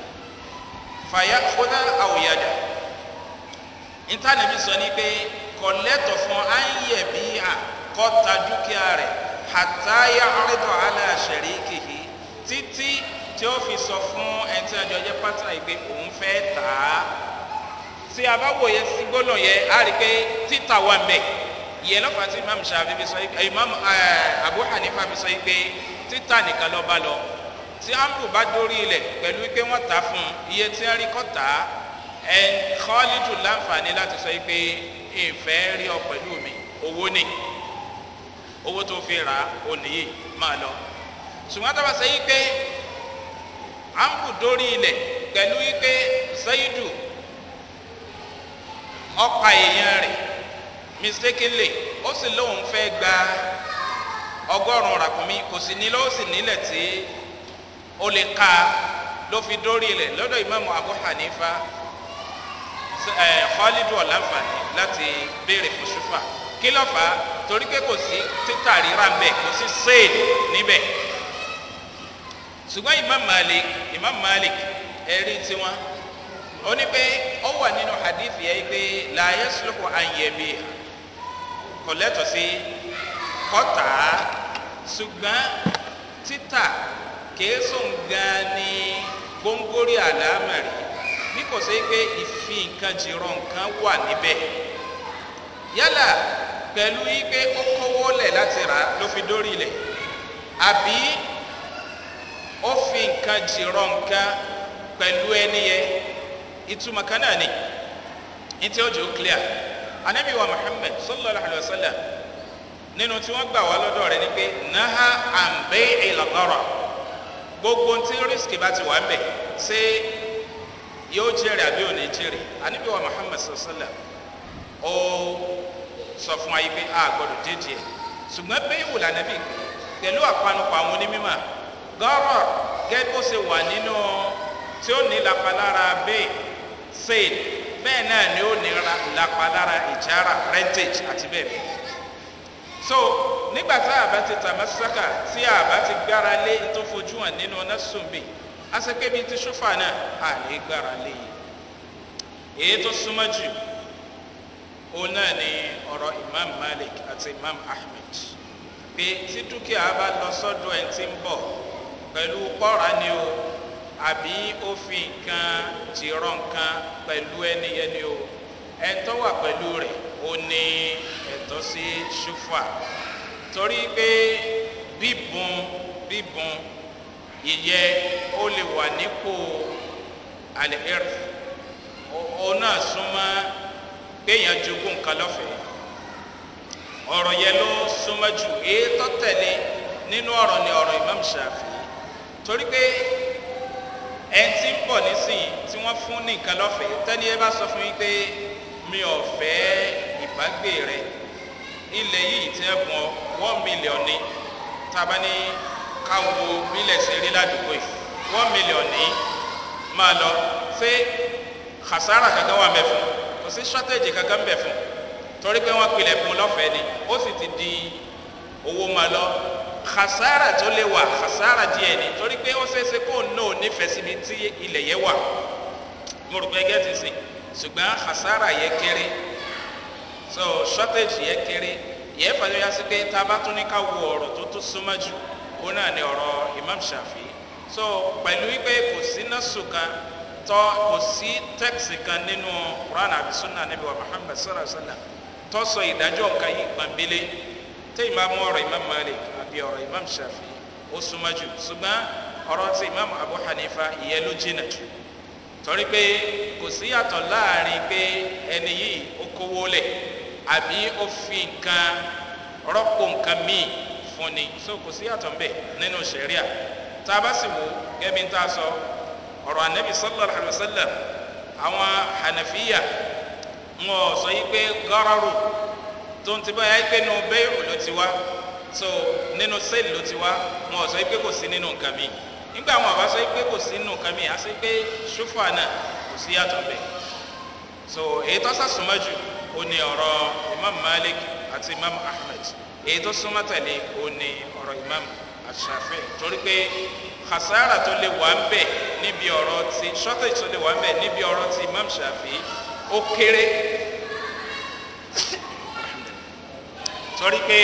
fàyà fúnà àwòyàdà ìtànàbì sọ ni pé. kọ̀lẹ́tọ̀ fún áńyẹ̀ bí a kọ́ta dúkìá rẹ̀ àtàyà ọ̀rẹ́dọ̀ aláṣẹ̀rí kìí títí tí ó fi sọ fún ẹni tí àjọ jẹ́ pátá ìgbé òun fẹ́ tà á tí a bá wòye sí gbólọ̀ yẹ a rí pé títà wà mẹ́ ìyẹn lọ́fà tí imam ṣàfi fi sọ yìí eh, imam eh, abu hanifa fi sọ yìí pé títà nìkan lọ bá lọ tí ambu bá dórí ilẹ̀ pẹ̀lú pé wọ́n tà fún iye tí wọ́n rí kọ́ tà á ẹ̀ kọ́lídù láǹfààní láti sọ yìí pé ìfẹ́ rí ọ pẹ̀lú mi owó ni owó tó fi rà ó nìyí máa lọ ṣùgbọ́n tó bá sẹ́yìn pé amru dórí ilẹ̀ pẹ̀lú wípé zayidu ọ̀pá èèyàn rẹ̀ mistakenly ó sì lóun fẹ́ gba ọgọ́rùn-ún ràkúnmí kò sì ní lọ́wọ́ sì nílẹ̀ tí ó lè ka ló fi dórí ilẹ̀ lọ́dọ̀ ìmáàmù abu hanifa Eh, kọ́lídù ọ̀láǹfààní láti béèrè fún ṣúfà kí ló fà á torí pé kò sí títà rírà ń bẹ̀ kò sí sale níbẹ̀ ṣùgbọ́n imam malik imam malik ẹ̀rí tiwọn ó ní pé ó wà nínú hadith yẹn pé láyé sùlùkù àyẹ̀bí kò lẹ́tọ̀ sí kọ́tà ṣùgbọ́n títà kìí sùn gan ni góńgóri àlámẹ̀rí mi kò sí pé ìfi nǹkan jìrọ nǹkan wà níbẹ̀ yálà pẹ̀lú wípé ó kówó lẹ̀ láti rà ló fi dórí ilẹ̀ àbí ó fi nǹkan jìrọ nǹkan pẹ̀lú ẹni yẹ ìtumọ̀ kan náà ni ní tí ó jò clear anabi wa muhammed sallallahu alayhi wa sallam nínú tí wọ́n gbà wá lọ́dọ̀ rẹ̀ ni pé naha ambe ilagara gbogbo tí risk bá ti wà ń bẹ̀ ṣé yóò jẹ́rìí àbí ò Muhammad Sallallahu àníbi wa muhammed ó sọ fún ayé pé a gbọ́dọ̀ dédìé ṣùgbọ́n bẹ́ẹ̀ wò lànàbí pẹ̀lú àpanupọ̀ àwọn onímọ̀ gọ́rọ̀ gẹ́gẹ́ bó ṣe wà nínú tí ó ní lapalára bẹ́ẹ̀ sale bẹ́ẹ̀ náà ni ó ní lapalára ìjára rentage àti bẹ́ẹ̀ bẹ́ẹ̀ so nígbà tá a bá ti tàmásísákà tí a bá ti gbára lé tó hàn nínú násùnbì asekebi ti ṣúfà náà a ní gbára lè e. èyí tó ni ọ̀rọ̀ imam malik àti imam ahmed Pe tí dúkìá bá lọ sọ́dọ̀ ẹ̀ tí ń bọ̀ pẹ̀lú pọ́ra ni o àbí ó fi nǹkan jìrọ̀ nǹkan pẹ̀lú ẹniyẹni o ẹ̀tọ́ wà pẹ̀lú rẹ̀ ó ní ẹ̀tọ́ sí ṣúfà torí pé bíbun bíbun ìyẹn ó lè wà nípò alẹ́hẹ́rì òun náà súnmọ́ péyàn jogún nǹkan lọ́fẹ̀ẹ́ ọ̀rọ̀ yẹn ló súnmọ́ jù èyí tẹ̀lé nínú ọ̀rọ̀ ni ọ̀rọ̀ imam shafi torí pé ẹni tí ń bọ̀ nísìnyí tí wọ́n fún ní nǹkan lọ́fẹ̀ẹ́ tẹ́ni ẹ bá sọ fún yín pé mi ò fẹ́ ìbágbé rẹ̀ ilẹ̀ yìí ti ẹ̀ bùn ọ́ one million ni tá a bá ní ká wo bílẹ̀ ṣe rí ládùúgbò yìí one million ní máa lọ ṣé hasara kankan wà mẹ́ fún kò sí strategy kankan mẹ́ fún torí pé wọ́n pilẹ̀ fún lọ́fẹ̀ẹ́ ni ó sì ti di owó máa lọ hasara tó lè wà hasara díẹ̀ ni torí pé ó ṣeéṣe kó náà nífẹ̀ẹ́ síbi tí ilẹ̀ yẹn wà mo rò pé gẹ́tì sí ṣùgbọ́n hasara yẹ kéré so shortage yẹ kéré yẹ fàyọ yá sí pé tá a bá tún ní ká wo ọ̀rọ̀ tó tún súnmọ́ jù òun náà ni ọ̀rọ̀ imam shafi so pẹ̀lú wípé kò sí násù kan tọ́ kò sí tẹ́ksì kan nínú quran àbí sunna níbi wa muhammad sallallahu alayhi wa sallam tọ́ sọ ìdájọ́ nǹkan yìí gbàǹbélé tí imam ọ̀rọ̀ imam malik àbí ọ̀rọ̀ imam shafi ó súnmọ́ jù ṣùgbọ́n ọ̀rọ̀ tí imam abu hanifa ìyẹn ló jìnà jù torí pé kò sí yàtọ̀ láàrin pé ẹni yìí ó kówó lẹ̀ àbí ó fi nǹkan rọ́pò nǹkan míì fún ni so kò sí àtọ̀ mbẹ́ nínú sẹ̀ríà tá a bá sì wò gẹ́bí tá a sọ ọ̀rọ̀ anabi sallallahu alayhi wa sallam àwọn hanafiya ń wọ sọ yí pé gọ́rọ́rù tó ń ti báyà yí pé nù bẹ́ẹ̀rù ló ti wá so nínú sẹ́ẹ̀lì ló ti wá ń wọ sọ yí pé kò sí nínú nǹkan mi nígbà àwọn àbá sọ yí pé kò sí nínú nǹkan mi àti pé ṣúfà náà kò sí àtọ̀ mbẹ́ so èyí tó sàsùnmọ́ ó ní ọ̀rọ̀ imam malik àti imam ahmed èyí tó súnmọ́ tẹ̀lé o ní ọ̀rọ̀ imam àṣàfẹ́ torí pé hasara tó lè wà ń bẹ̀ níbi ọ̀rọ̀ ti shortage tó lè wà ń bẹ̀ níbi ọ̀rọ̀ ti imam ṣàfi ó kéré [coughs] torí pé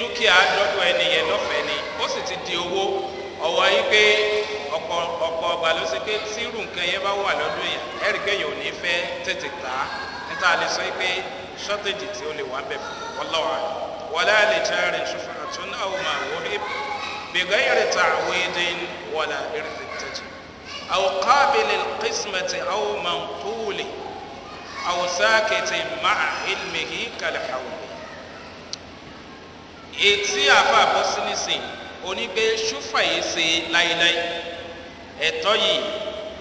dúkìá dọ́dọ̀ ẹnìyẹn lọ́fẹ̀ẹ́ ni ó sì ti di owó ọ̀wọ́ yí pé ọ̀pọ̀ ọ̀pọ̀ ọgbà ló ṣe pé tírù nǹkan yẹn bá wà lọ́dún èèyàn ẹ̀rí pé èèyàn ò ní fẹ́ tètè tà níta lè sọ pé shortage tí ó lè wà ń bẹ̀ fún ọlọ́wàá rẹ̀. ولا لجار شفعة أو ما وهب بغير تعويض ولا إرث التجب أو قابل القسمة أو منقول أو ساكت مع علمه كالحول etí àfa àbọ̀sínísìn onígbé ṣúfà yìí ṣe láíláí ẹ̀tọ́ yìí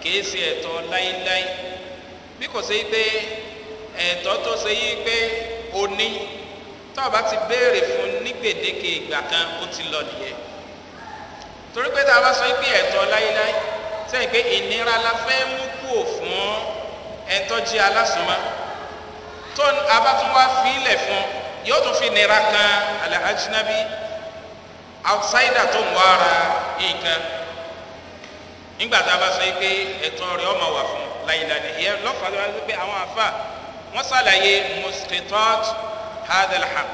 kìí ṣe ẹ̀tọ́ láíláí bí kò ṣe pé ẹ̀tọ́ tó ṣe yí pé o ní tọ́ọ̀bá ti béèrè fún ní gbèdéke ìgbà kan ó ti lọ nìyẹn torí pé tá a bá sọ pé ẹ̀tọ́ láéláé sẹ́yìn pé ìnira la fẹ́ mú kúò fún ẹ̀tọ́ jí alásùnmọ́ tó a bá tún wá fi ilẹ̀ fún yóò tún fi nira kan alhajinabi outsider tó ń wá ara nǹkan nígbà tá a bá sọ pé ẹ̀tọ́ rẹ̀ ọmọ wà fún láéláé ìyẹn lọ́fàá ló wá pé àwọn àfà wọ́n sàlàyé mosquitote hadha alhaq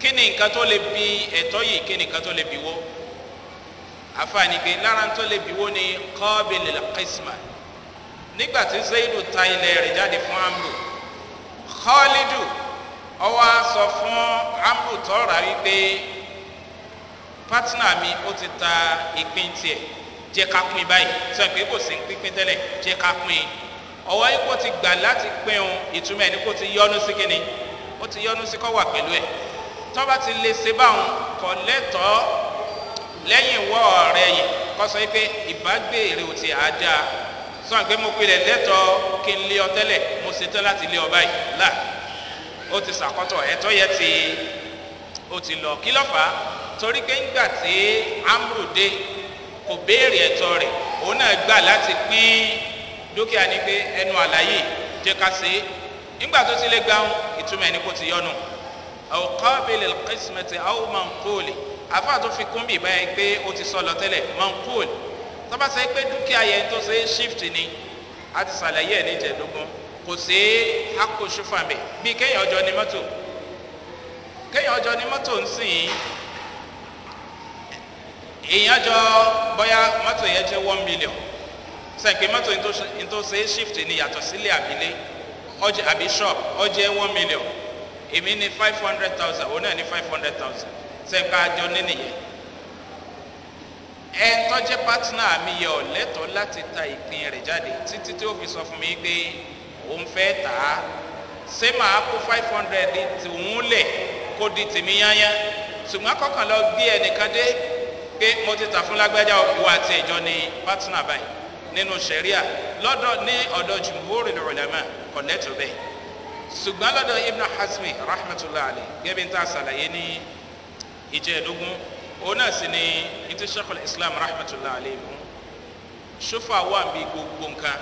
kí ni nǹkan tó lè bi ẹ̀tọ́ yìí kí ni nǹkan tó lè bi wọ́ àfààní pé lára tó lè bi wọ́ ni kọ́bìlì kìsìmà nígbà tí zaidu ta ilẹ̀ rẹ̀ jáde fún amru khalidu ọwọ́ sọ fún amru tọ́ra wípé pátínà mi ó ti ta ìpín tiẹ̀ jẹ́ ká pin báyìí sọ pé kò sí pínpín tẹ́lẹ̀ jẹ́ ká pin ọwọ́ yìí kò ti gbà láti pin òun ìtumọ̀ ẹni kò ti yọ́nu sí kínní ó ti yọnu sí kọ́ wà pẹ̀lú ẹ̀ tọ́ba ti lè ṣe báwọn kọ̀ lẹ́tọ̀ọ́ lẹ́yìn wọ́ ọ̀rẹ́ yìí kọ́ sọ pé ìbágbé èrè ò ti àájá sọ̀n pé mo pilẹ̀ lẹ́tọ̀ọ́ kí n lé ọ tẹ́lẹ̀ mo ṣetán láti lé ọ báyìí là ó ti ṣàkọ́tọ̀ ẹ̀tọ́ yẹ ti ó ti lọ kí lọ́fà torí pé ńgbà tí amúrò dé kò béèrè ẹ̀tọ́ rẹ̀ òun náà gbà láti pín dúkìá ní pé ẹnu àlàyé jẹ́ ká ṣe é nígbà tó ti lè gba ohun ìtumọ̀ ẹni kò ti yọnu ọ̀kọ́bìlì kìsìmẹ̀tì àwọn mọ̀nkúùlì àfa tó fi kún bí báyìí pé ó ti sọ lọ tẹ́lẹ̀ mọ̀nkúùlì tọ́ba sọ pé dúkìá yẹn tó ṣe é shift ni a ti ṣàlàyé ẹ̀ ní kò sí akóṣùfàmẹ̀ bíi kéèyàn ọjọ́ ni mọ́tò kéèyàn ọjọ́ ni mọ́tò ń sìn èèyàn jọ bọ́yá mọ́tò yẹn jẹ́ one million sẹ́ǹkì mọ́tò ní tó ṣe é shift ni yàtọ̀ sílé àbílé ọjẹ àbí shop ọjẹ one million èmi ní five hundred thousand òun náà ní five hundred thousand sẹ́ńkà jọ nínìyẹn ẹ tọ́jẹ́ partner mi yẹ ọ̀lẹ́tọ̀ láti ta ìpín rẹ̀ jáde títí tí ó fi sọ fún mi pé òun fẹ́ tà á ṣé màá kó five hundred tòun lẹ̀ kó di tèmi yányá ṣùgbọ́n kọ́kàn lọ gbé ẹnìkan dé pé mo ti tà fún lágbájá ìwà àti ìjọ ni partner báyìí nínú sẹ̀ríà lọ́dọ̀ ní ọ̀dọ̀ jùmọ̀ ó lẹ́mọ̀ connect to bẹ́ẹ̀ ṣùgbọ́n lọ́dọ̀ ibn hasmi rahmatulah ali gẹ́bí n ta ṣàlàyé ní ìjẹ́ẹ̀dógún òun náà sì ni ìtú sheikh islam rahmatulah ali mú ṣùfà wà bí gbogbo nǹkan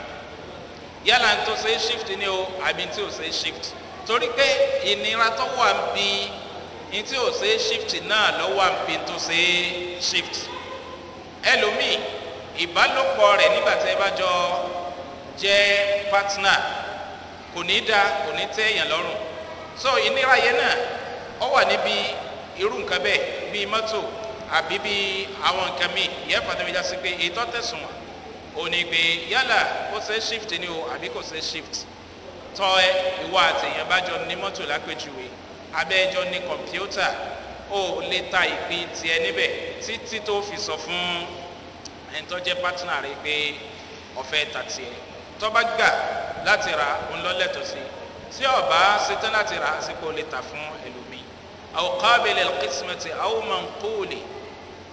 yálà ń tó ṣe é shift ni o àbí tí ò ṣe é shift torí pé ìnira tó wà bí ní tí ò ṣe é shift náà ló wà bí tó ṣe é shift ẹlòmíì ìbálòpọ̀ rẹ̀ nígbà tí ẹ bá jọ jẹ́ partner kò ní da kò ní tẹ́ èèyàn lọ́rùn so ìnira yẹn náà ọ wà níbi irú nǹkan bẹ́ẹ̀ bíi mọ́tò àbí bíi àwọn nǹkan míì ìyẹn fàtẹ́mi já sí pé ètò tẹ̀sùn wọn ò ní gbé yálà kò ṣe shift ni o àbí kò ṣe shift tọ́ ẹ ìwọ àtẹ̀yìn bá jọ ní mọ́tò lápèjúwe abẹ́ẹ̀jọ ní kọ̀mpútà ó lè ta ìpín tiẹ̀ níbẹ̀ títí tó fi sọ fún ẹ̀ńtọ́jẹ́ pátánà rẹ pé ọ̀fẹ́ ta tiẹ̀ tọ́ba gbà láti ra òun lọ́lẹ́tọ̀ sí tí ọba ṣetán láti ra sípò lè tà fún ẹlòmíì àwọn kábìlì kìsìmẹ̀tì àwọn mọ̀nkúlì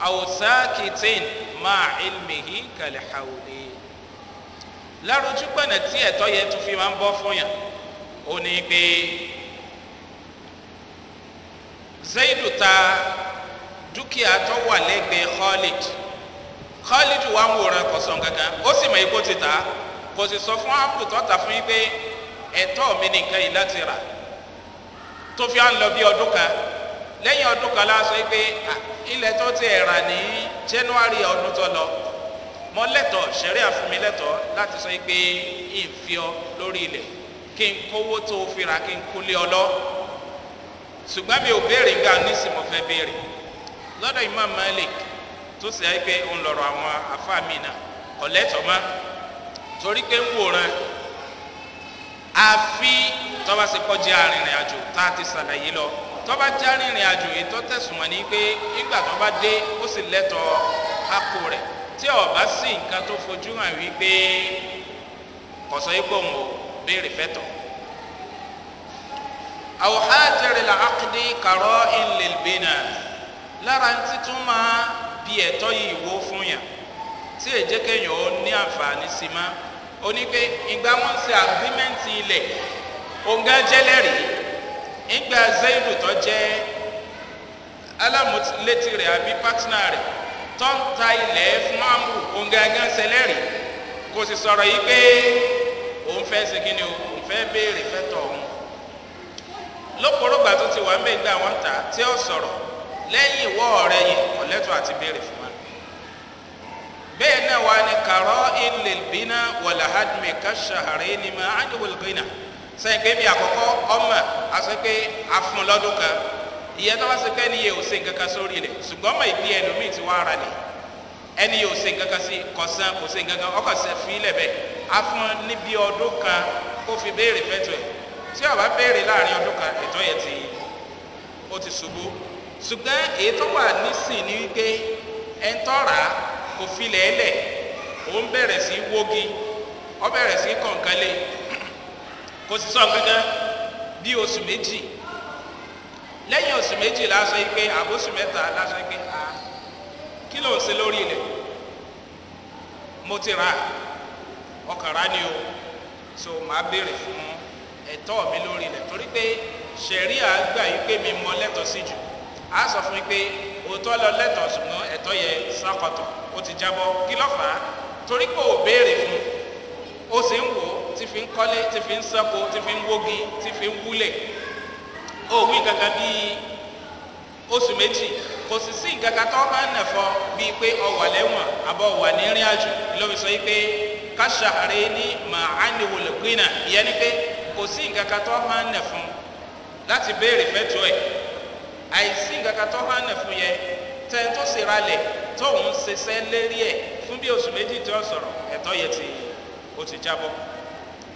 àwọn sáàkìtìn máa ilmìhì kàlẹ̀ hàwùlẹ̀ lárojú pẹ̀nà tí ẹ̀tọ́ yẹn tún fi máa ń bọ́ fún yàn ó ní pé zaidu ta dúkìá tó wà lẹ́gbẹ̀ẹ́ khalid khalid wà ń wòran kọ̀sán gangan ó sì mọ̀ ikú ti ta á kò sì sọ fún apple tọ́ta fún yín pé ẹ̀tọ́ mi nìkan yìí láti rà tó fi à lọ bí ọdún kan lẹ́yìn ọdún kan láṣọ pé ilẹ̀ tó ti rà ní january ọdún tó lọ mọ lẹ́tọ̀ ṣẹ̀rí àfúnmi lẹ́tọ̀ láti sọ pé ìfiọ́ lórí ilẹ̀ kí n kówó tó fi rà kí n kúlé ọlọ́ ṣùgbọ́n mi ò béèrè gbà nísìmọ̀ fẹ́ béèrè lọ́dọ̀ imam malik tó sì á pé òun lọ̀rọ̀ àwọn àfáà náà kọ̀lẹ́tọ̀ máa torí pé ń wòran àfi tọ́ba ṣe kọjá arìnrìn àjò tá a ti ṣàlàyé lọ tọ́ba já arìnrìn àjò ètò tẹ̀sùn wọn ni pé nígbà tó bá dé ó sì lẹ́tọ̀ọ́ àpò rẹ̀ tí ọba sí nǹkan tó fojú hàn wípé kọ̀sọ́ ipò òun ò béèrè fẹ́tọ̀ àwòhá tẹ̀rẹ̀ là ákìdí kàrọ́ ìlẹ̀lbẹ̀nà lára ń títún máa bí ẹ̀tọ́ yìí wó fún yàn tí èjẹ́kẹ̀yàn ó ní àǹfààní sí máa ó ní pé ìgbà wọn ṣe àgbímẹ́ǹtì ilẹ̀ òǹgá jẹ́lẹ́rìí ìgbà zaidu tó jẹ́ alámúlétí rẹ̀ àbí pátínà rẹ̀ tó ń ta ilẹ̀ fún amú òǹgá gán ṣẹlẹ́rìí kò sì sọ̀rọ̀ yìí pé òun fẹ́ ṣe kíni òun fẹ́ béèrè fẹ́ tọ̀ lóporógbà tó ti wà ń bẹ̀ gbà wọ́n ta tí ó sọ̀rọ̀ lẹ́yìn ìwọ́ ọ̀rẹ́ yìí kò lẹ́tọ̀ àti béèrè fún bẹ́ẹ̀ náà wà ní kàrọ́ ilẹ̀ bínà wàlàhádìmí kàṣàhàrẹ́ ní ma ánìwòl gínà sẹ́yìn pé bí àkọ́kọ́ ọmọ àti pé afun lọ́dún kan ìyẹn tó bá ṣe pé ẹniyẹ ò se nǹkan kan sórí rẹ̀ ṣùgbọ́n ọmọ ìbí ẹlòmíì ti wá ara nì ẹniyẹ ò se sí kọ̀sán kò se ọkọ̀ sẹ́ fi ilẹ̀ bẹ́ẹ̀ afun níbi ọdún kan kó fi béèrè fẹ́tọ̀ ẹ̀ tí ọba béèrè láàrin ọdún kan ẹ̀tọ́ yẹn ti ó ti ṣubú ṣùgbọ́n èyí tó wà nísìn ní wípé ẹ̀ ń tọ́ra kò filẹ̀ ẹlẹ̀ òun bẹ̀rẹ̀ sí wógi ọ bẹ̀rẹ̀ sí kọ̀ǹkanlé kò sí sọ gángan bí oṣù méjì lẹ́yìn oṣù méjì lásán yìí pé àbóṣù mẹ́ta lásán yìí pé a kí ló ń se lórí ilẹ̀ mo ti ra ọkàn ni o so màá béèrè fún ẹ̀tọ́ mi lórí ilẹ̀ torí pé sẹ̀ríà gbà yìí pé mi mọ lẹ́tọ̀ọ́ sí jù á sọ fún yìí pé. òótọ́ lọ lẹ́tọ̀ọ́ ṣùgbọ́n ẹ̀tọ́ yẹ sákọ̀tọ̀ ó ti jábọ́ kí lọ́ fà á torí pé ò béèrè fún ó sì ń wò ó ti fi ń kọ́lé ti fi ń sẹ́ko ti fi ń wógi ti fi ń wúlẹ̀ ó wí gàgà bíi oṣù méjì kò sì sí nǹkan kan tó bá ń nẹ̀fọ́ bíi pé ọwà lẹ́wọ̀n àbọ̀ wà ní rìn àjò ló fi sọ yìí pé káṣà ní màá gbìnà ìyẹn ni pé kò sí tó nẹ̀fọ́ láti béèrè fẹ́tọ́ ẹ̀ àìsí nǹkan kan tó hànà fún yẹ tẹ́ni tó sì ralẹ̀ tóun ṣiṣẹ́ lérí ẹ̀ fún bí oṣù méjì tí ó sọ̀rọ̀ ẹ̀tọ́ yẹ ti ó ti jábọ́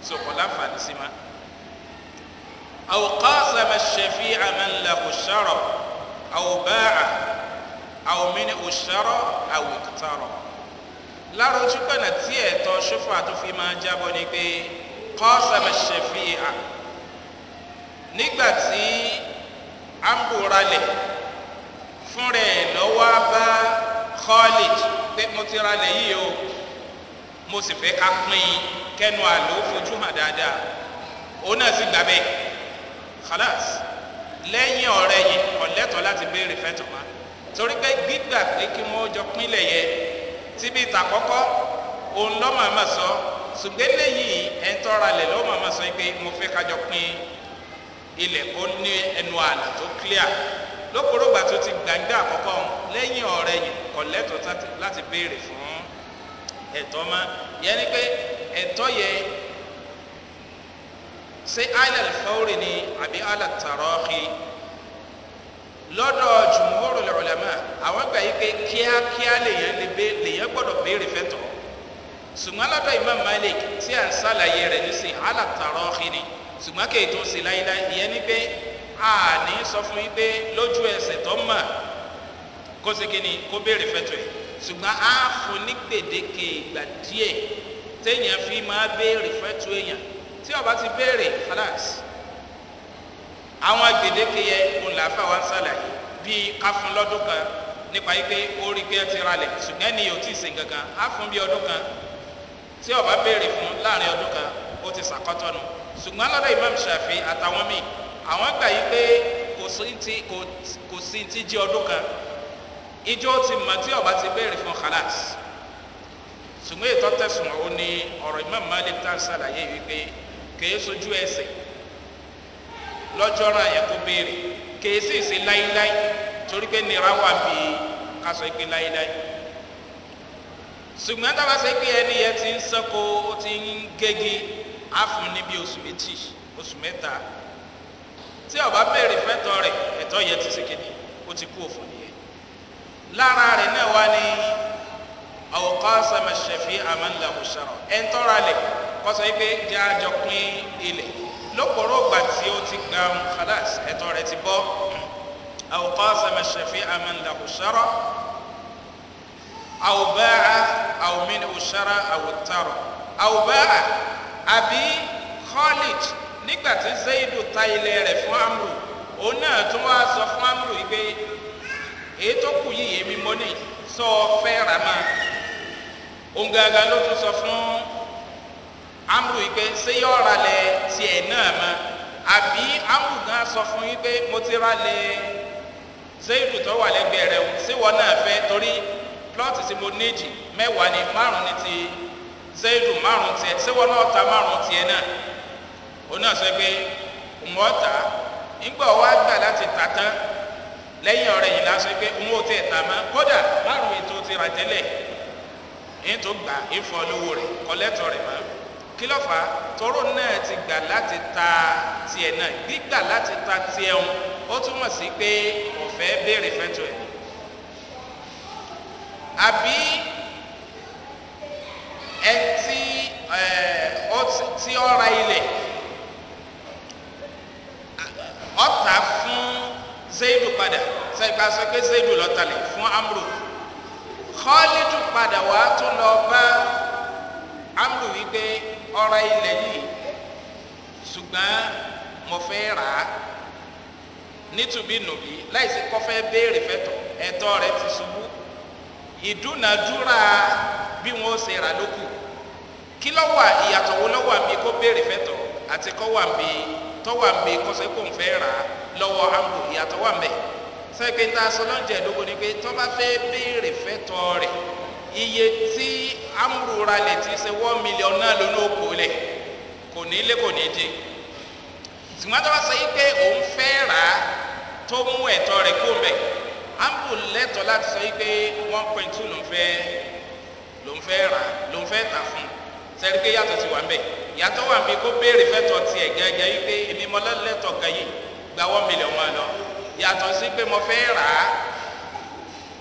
sọ̀kọ̀ láǹfààní sí ma. àwòkọ́ sàmà ṣẹ̀fí àmàlà kò àwòbáà àwòmínì kò ṣàrọ̀ àwòkútàrọ̀. pẹ̀lú tí ẹ̀tọ́ ṣòfò àtúnfi máa jábọ́ ni pé kọ́ sàmà ṣẹ̀fí à nígbà tí amboralẹ̀ fún rẹ̀ lọ́wọ́ bá Khalid pé mo ti ralẹ̀ yìí o mo sì fẹ́ ká pín kẹnu àlò fojú hàn dáadáa òun náà sì gbà bẹ́ẹ̀ khalas lẹ́yìn ọ̀rẹ́ yìí ọ̀lẹ́tọ̀ láti béèrè fẹ́tọ̀ wá torí pé gbígbà pé kí wọ́n jọ pínlẹ̀ yẹ tíbi ìtàkọ́kọ́ òun lọ́mọ̀ọ́mọ̀ sọ ṣùgbọ́n lẹ́yìn ẹ̀ ń tọ́ra lẹ̀ lọ́mọ̀ọ́mọ̀ sọ pé mo fẹ́ kájọ pín ilẹ̀ kó ní ẹnu ààlà tó clear lókòrógbà tó ti gbàgbé àkọ́kọ́ lẹ́yìn ọ̀rẹ́ yìí kọ̀lẹ́tọ̀ láti béèrè fún ẹ̀tọ́ mọ́ yẹn ni pé ẹ̀tọ́ yẹ ṣé alal fawri ni àbí alal tarọ́ọ̀kì lọ́dọ̀ jùmọ̀ọ́rọ̀ lẹ́ọ̀lẹ́mà àwọn gbà yí pé kíákíá lèyàn gbọ́dọ̀ béèrè fẹ́tọ̀ ṣùgbọ́n lọ́dọ̀ imam malik tí à ń sàlàyé rẹ̀ nísìn alal tarọ́ọ̀kì ni ṣùgbọ́n kì í tún sí láíláí ìyẹn ni pé a ní sọ fún yín pé lójú ẹsẹ̀ tó mọ̀ kó ṣe kí ni kó béèrè fẹ́tọ̀ ẹ̀ ṣùgbọ́n a fún ní gbèdéke ìgbà díẹ̀ téèyàn fi máa béèrè fẹ́tọ̀ èèyàn tí ọba ti béèrè falas àwọn gbèdéke yẹ òun là fà wá sàlàyé bíi ká fún lọ́dún kan nípa yìí pé ó rí pé ẹ ti ralẹ̀ ṣùgbọ́n ẹni yóò tí sìn kankan á fún bíi ọdún kan tí ọba béèrè fún láàrin ọdún kan ó ti ṣàkọ́tọ̀ ṣùgbọ́n lọ́dọ̀ imam ṣàfi àtàwọn míì àwọn gbà yí pé kò sí ti jí ọdún kan ijó ti mọ̀ tí ọba ti béèrè fún khalas ṣùgbọ́n ètò tẹ̀sùn ò ní ọ̀rọ̀ imam malik tán ṣàlàyé wípé kèé sojú ẹsẹ̀ lọ́jọ́ náà yẹ kó béèrè kèé sì sí láíláí torí pé nira wà bí ká sọ pé láíláí ṣùgbọ́n tá a bá ṣe pé ẹni yẹn ti ń sẹ́kọ̀ọ́ ó ti ń gégi á fún ní bí oṣù méjì oṣù mẹ́ta tí ọba béèrè fẹ́tọ̀ rẹ̀ ẹ̀tọ́ yẹn ti ṣèkéde ó ti kú òfò nìyẹn lára rẹ̀ náà wá ní ọ̀kọ́ sẹmẹsẹ̀fì àmàlàkùsọ̀rọ̀ ẹ̀ ń tọ́ra yìí pé jẹ́ àjọ pín lókòrò ògbà tí ó ti gba khalas ẹ̀tọ́ rẹ̀ ti bọ́ ọ̀kọ́ sẹmẹsẹ̀fì àmàlàkùsọ̀rọ̀ àwòbáà àwòmínú òṣàrà àwòtárọ̀ àwòbáà àbí khalid nígbà tí zaidu ta ilẹ̀ rẹ̀ fún amru òun náà tún wá sọ fún amru yìí pé èyí tó kù yìí èmi mọ́ ni sọ fẹ́ rà má òun gangan ló tún sọ fún amru yìí ṣé yọ ọ̀rà lẹ̀ tiẹ̀ náà má àbí amru gan sọ fún yín mo ti ra lẹ̀ zaidu tó wà lẹ́gbẹ̀ẹ́ rẹ̀ síwọ náà fẹ́ torí plọ́ọ̀tì tí mo níjì mẹ́wàá ni márùn-ún ni ti sẹ́yìdù márùn tiẹ̀ sẹ́wọ́n náà ta márùn tiẹ̀ náà òun náà sọ pé mọ́ta nígbà wàá gbà láti tà tán lẹ́yìn ọ̀rẹ́ yìí lásán pé òun ò tiẹ̀ tà mọ́ kódà márùn ètò ti rà tẹ́lẹ̀ ètò gbà ìfọ̀ lówó rẹ̀ kọ́lẹ́tọ̀ rẹ̀ mọ́ kí ló fà á tọrọ náà ti gbà láti ta tiẹ̀ náà gbígbà láti ta tiẹ̀ ń ó túmọ̀ sí pé ọ̀fẹ́ béèrè fẹ́tọ̀ ẹ̀ àbí tí ó ra ilẹ̀ ọ̀tá fún zaidu padà sẹ́yìn sọ pé zaidu lọ́talẹ̀ fún amru kọ́lídù padà wá tó lọ bá amru wípé ọ̀ra ilẹ̀ yìí ṣùgbọ́n mo fẹ́ rà á nítubí nùbí láìsí kọ́fẹ́ béèrè fẹ́tọ̀ ẹ̀tọ́ rẹ ti ṣubú ìdúnàdúrà bí wọ́n ṣe rà lókùn kí lọ́ wà ìyàtọ̀ wo lọ́ wà mí kó béèrè fẹ́tọ̀ àti kọ́ wà mí tọ́ wà mí kó sẹ́ kó ń fẹ́ rà á lọ́wọ́ ambo ìyàtọ̀ wà mẹ́ sẹ́yìn ta sọlọ́njẹ́ lógo ni pé tọ́ bá fẹ́ béèrè fẹ́tọ̀ rẹ̀ iye tí amúrú ra lè ti ṣe one million náà ló ní oko lẹ̀ kò ní lé kò ní dé ṣùgbọ́n tó bá sọ yìí pé òun fẹ́ rà á tó mú ẹ̀tọ́ rẹ̀ kó mẹ́ ambo lẹ́tọ̀ láti sọ yìí pé one point two ló ń fẹ́ ló ń fẹ́ rà ló ń fẹ́ tà fún un sẹ́rí pé yàtọ̀ ti wà mbẹ́ yàtọ̀ wà mí kó béèrè fẹ́tọ̀ tiẹ̀ gẹ́gẹ́ yìí pé èmi mọ lẹ́tọ̀ kan yìí gba wọ́n mi lè wọ́n lọ yàtọ̀ sí pé mo fẹ́ rà á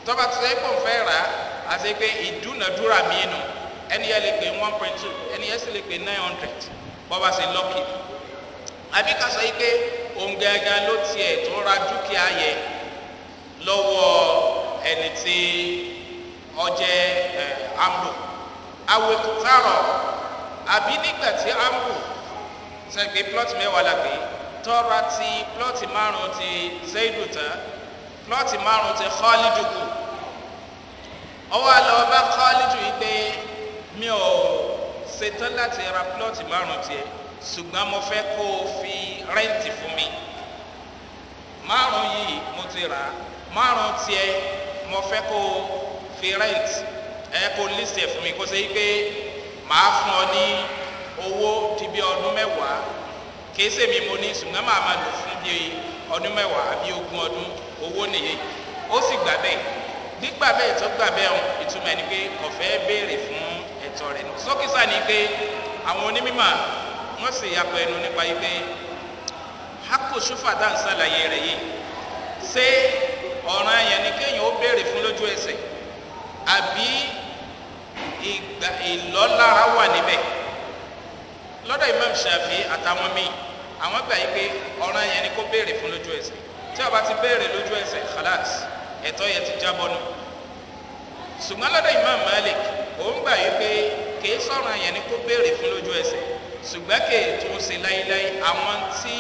tọ́ba ti sẹ́ pọ̀ fẹ́ rà á àti pé ìdúnàdúrà mi nù ẹni yẹn lè pè one point two ẹni yẹn sì lè pè nine hundred bọ́ba ṣe lọ́kì àbí ká sọ yìí pé òun gangan ló tiẹ̀ tó ra dúkìá yẹ lọ́wọ́ ẹni tí ọjẹ́ amlo awekutaro àbí nígbà tí ambu sẹ́gbẹ́ plọ́tì mẹ́wàá làgbé tọ́ra ti plọ́tì márùn-ún ti zaidu tán plọ́tì márùn-ún ti khalidu kù ọwọ́ àlọ́ bá khalidu yìí pé mi ò ṣetán láti ra plọ́tì márùn-ún tiẹ̀ mo fẹ́ kó o fi rẹ́ǹtì fún mi márùn-ún yìí mo ti rà márùn-ún mo fẹ́ kó o fi rẹ́ǹtì ẹ kó lísì ẹ̀ fún mi kó ṣe yí pé màá fún ọ ní owó ti bí ọdún mẹ́wàá kìí ṣe mi mo ní ṣùgbọ́n màá máa lò fún bí ọdún mẹ́wàá àbí ogún ọdún owó nìyí ó sì gbà bẹ́ẹ̀ nígbà bẹ́ẹ̀ tó gbà bẹ́ẹ̀ ọ̀hún ìtumọ̀ ni pé kò fẹ́ béèrè fún ẹ̀tọ́ rẹ̀ sókísà ni pé àwọn onímọ̀ wọ́n sì yàpọ̀ ẹnu nípa yìí pé hapò ṣúfà dá ń ṣàlàyé rẹ̀ yìí ṣé ọ̀ràn ẹ̀yàn ni kéèyàn ó béèrè fún lójú ẹsẹ̀ àbí ìgbà ìlọ́lára wà níbẹ̀ lọ́dọ̀ imam shafi àtàwọn míì àwọn gbà yí pé ọ̀ràn yẹn ni kó béèrè fún lójú ẹsẹ̀ tí ọba ti béèrè lójú ẹsẹ̀ khalas ẹ̀tọ́ yẹn ti jábọ́ nù ṣùgbọ́n lọ́dọ̀ imam malik òun gbà yí pé kìí sọ̀ràn yẹn ni kó béèrè fún lójú ẹsẹ̀ ṣùgbọ́n kìí tún ṣe láíláí àwọn tí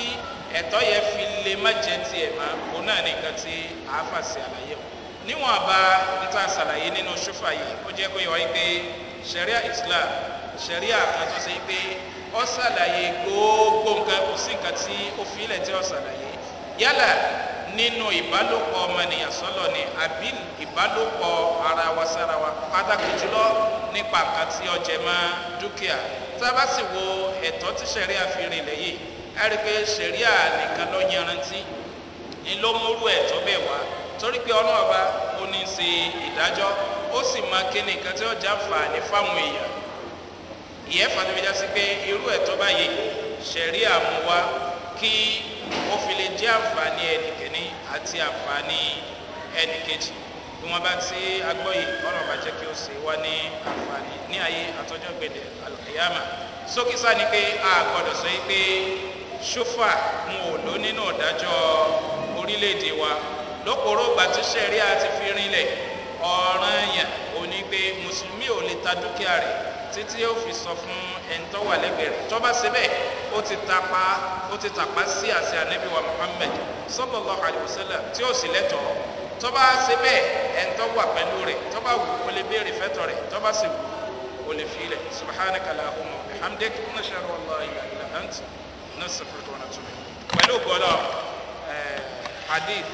ẹ̀tọ́ yẹn fi lè má jẹ tiẹ̀ mọ́ òun náà ní nǹkan tí àáfà ṣe àlàyé wọn níwọ̀n àbá níta ṣàlàyé nínú ṣúfà yìí ó jẹ́ pé wáyé pé sharia islam sharia kan tó ṣe pé ọ ṣàlàyé gbogbo nǹkan kò sí nǹkan tí ó fi ilẹ̀ tí ọ ṣàlàyé yálà nínú ìbálòpọ̀ ọmọnìyàn sọ́lọ̀ ni àbí ìbálòpọ̀ ara wa sára wa pàtàkì jùlọ nípa nǹkan tí ọjẹ́ mọ́ dúkìá tá a bá sì wo ẹ̀tọ́ tí sẹ̀ríà fi rinlẹ̀ yìí a rí i pé sẹ̀ríà nìkan ló yanrantí ni ló múrú ẹ̀tọ́ bẹ́ẹ̀ wá torí pé ọlọ́run ọba ó ní ṣe ìdájọ́ ó sì máa kéne nǹkan tí ó já fàáni fáwọn èèyàn ìyẹn fàtẹ́fẹ́já sí pé irú ẹ̀tọ́ báyìí ṣẹ̀rí àmúwá kí ó fi lè jẹ́ àǹfààní ẹnìkíní àti àǹfààní ẹnìkejì bí wọ́n bá ti agbóyè ọ̀rọ̀ bá jẹ́ kí ó ṣe wá ní àǹfààní ní ayé àtọ́jọ́ gbèdè alùkìyàmà sókísà ni pé a gbọ́dọ̀ sọ pé ṣúfà ń ò ló nínú ìdájọ́ orílẹ̀-èdè wa lókòrò ìgbà tí sẹ̀rí àti fi rinlẹ̀ ọ̀ràn yẹn ò ní pé mùsùlùmí ò lè ta dúkìá rẹ̀ títí ó fi sọ fún ẹni tó wà lẹ́gbẹ̀ẹ́ rẹ̀ tọ́ba síbẹ̀ ó ti tapa ó ti tapa sí àti ànábì wa muhammed sọlọ́lọ́ àdìbòsẹ́lẹ̀ tí ó sì lẹ́tọ̀ọ́ tọ́ba síbẹ̀ ẹni wà pẹ̀lú rẹ̀ tọ́ba wù ó lè béèrè fẹ́tọ̀ rẹ̀ tọ́ba sì wù ó lè fi rẹ̀ subhanaka la umu hamdik nasharu allah ila ant nasafir kona tumi pẹ̀lú gbọ́dọ̀ eh, hadith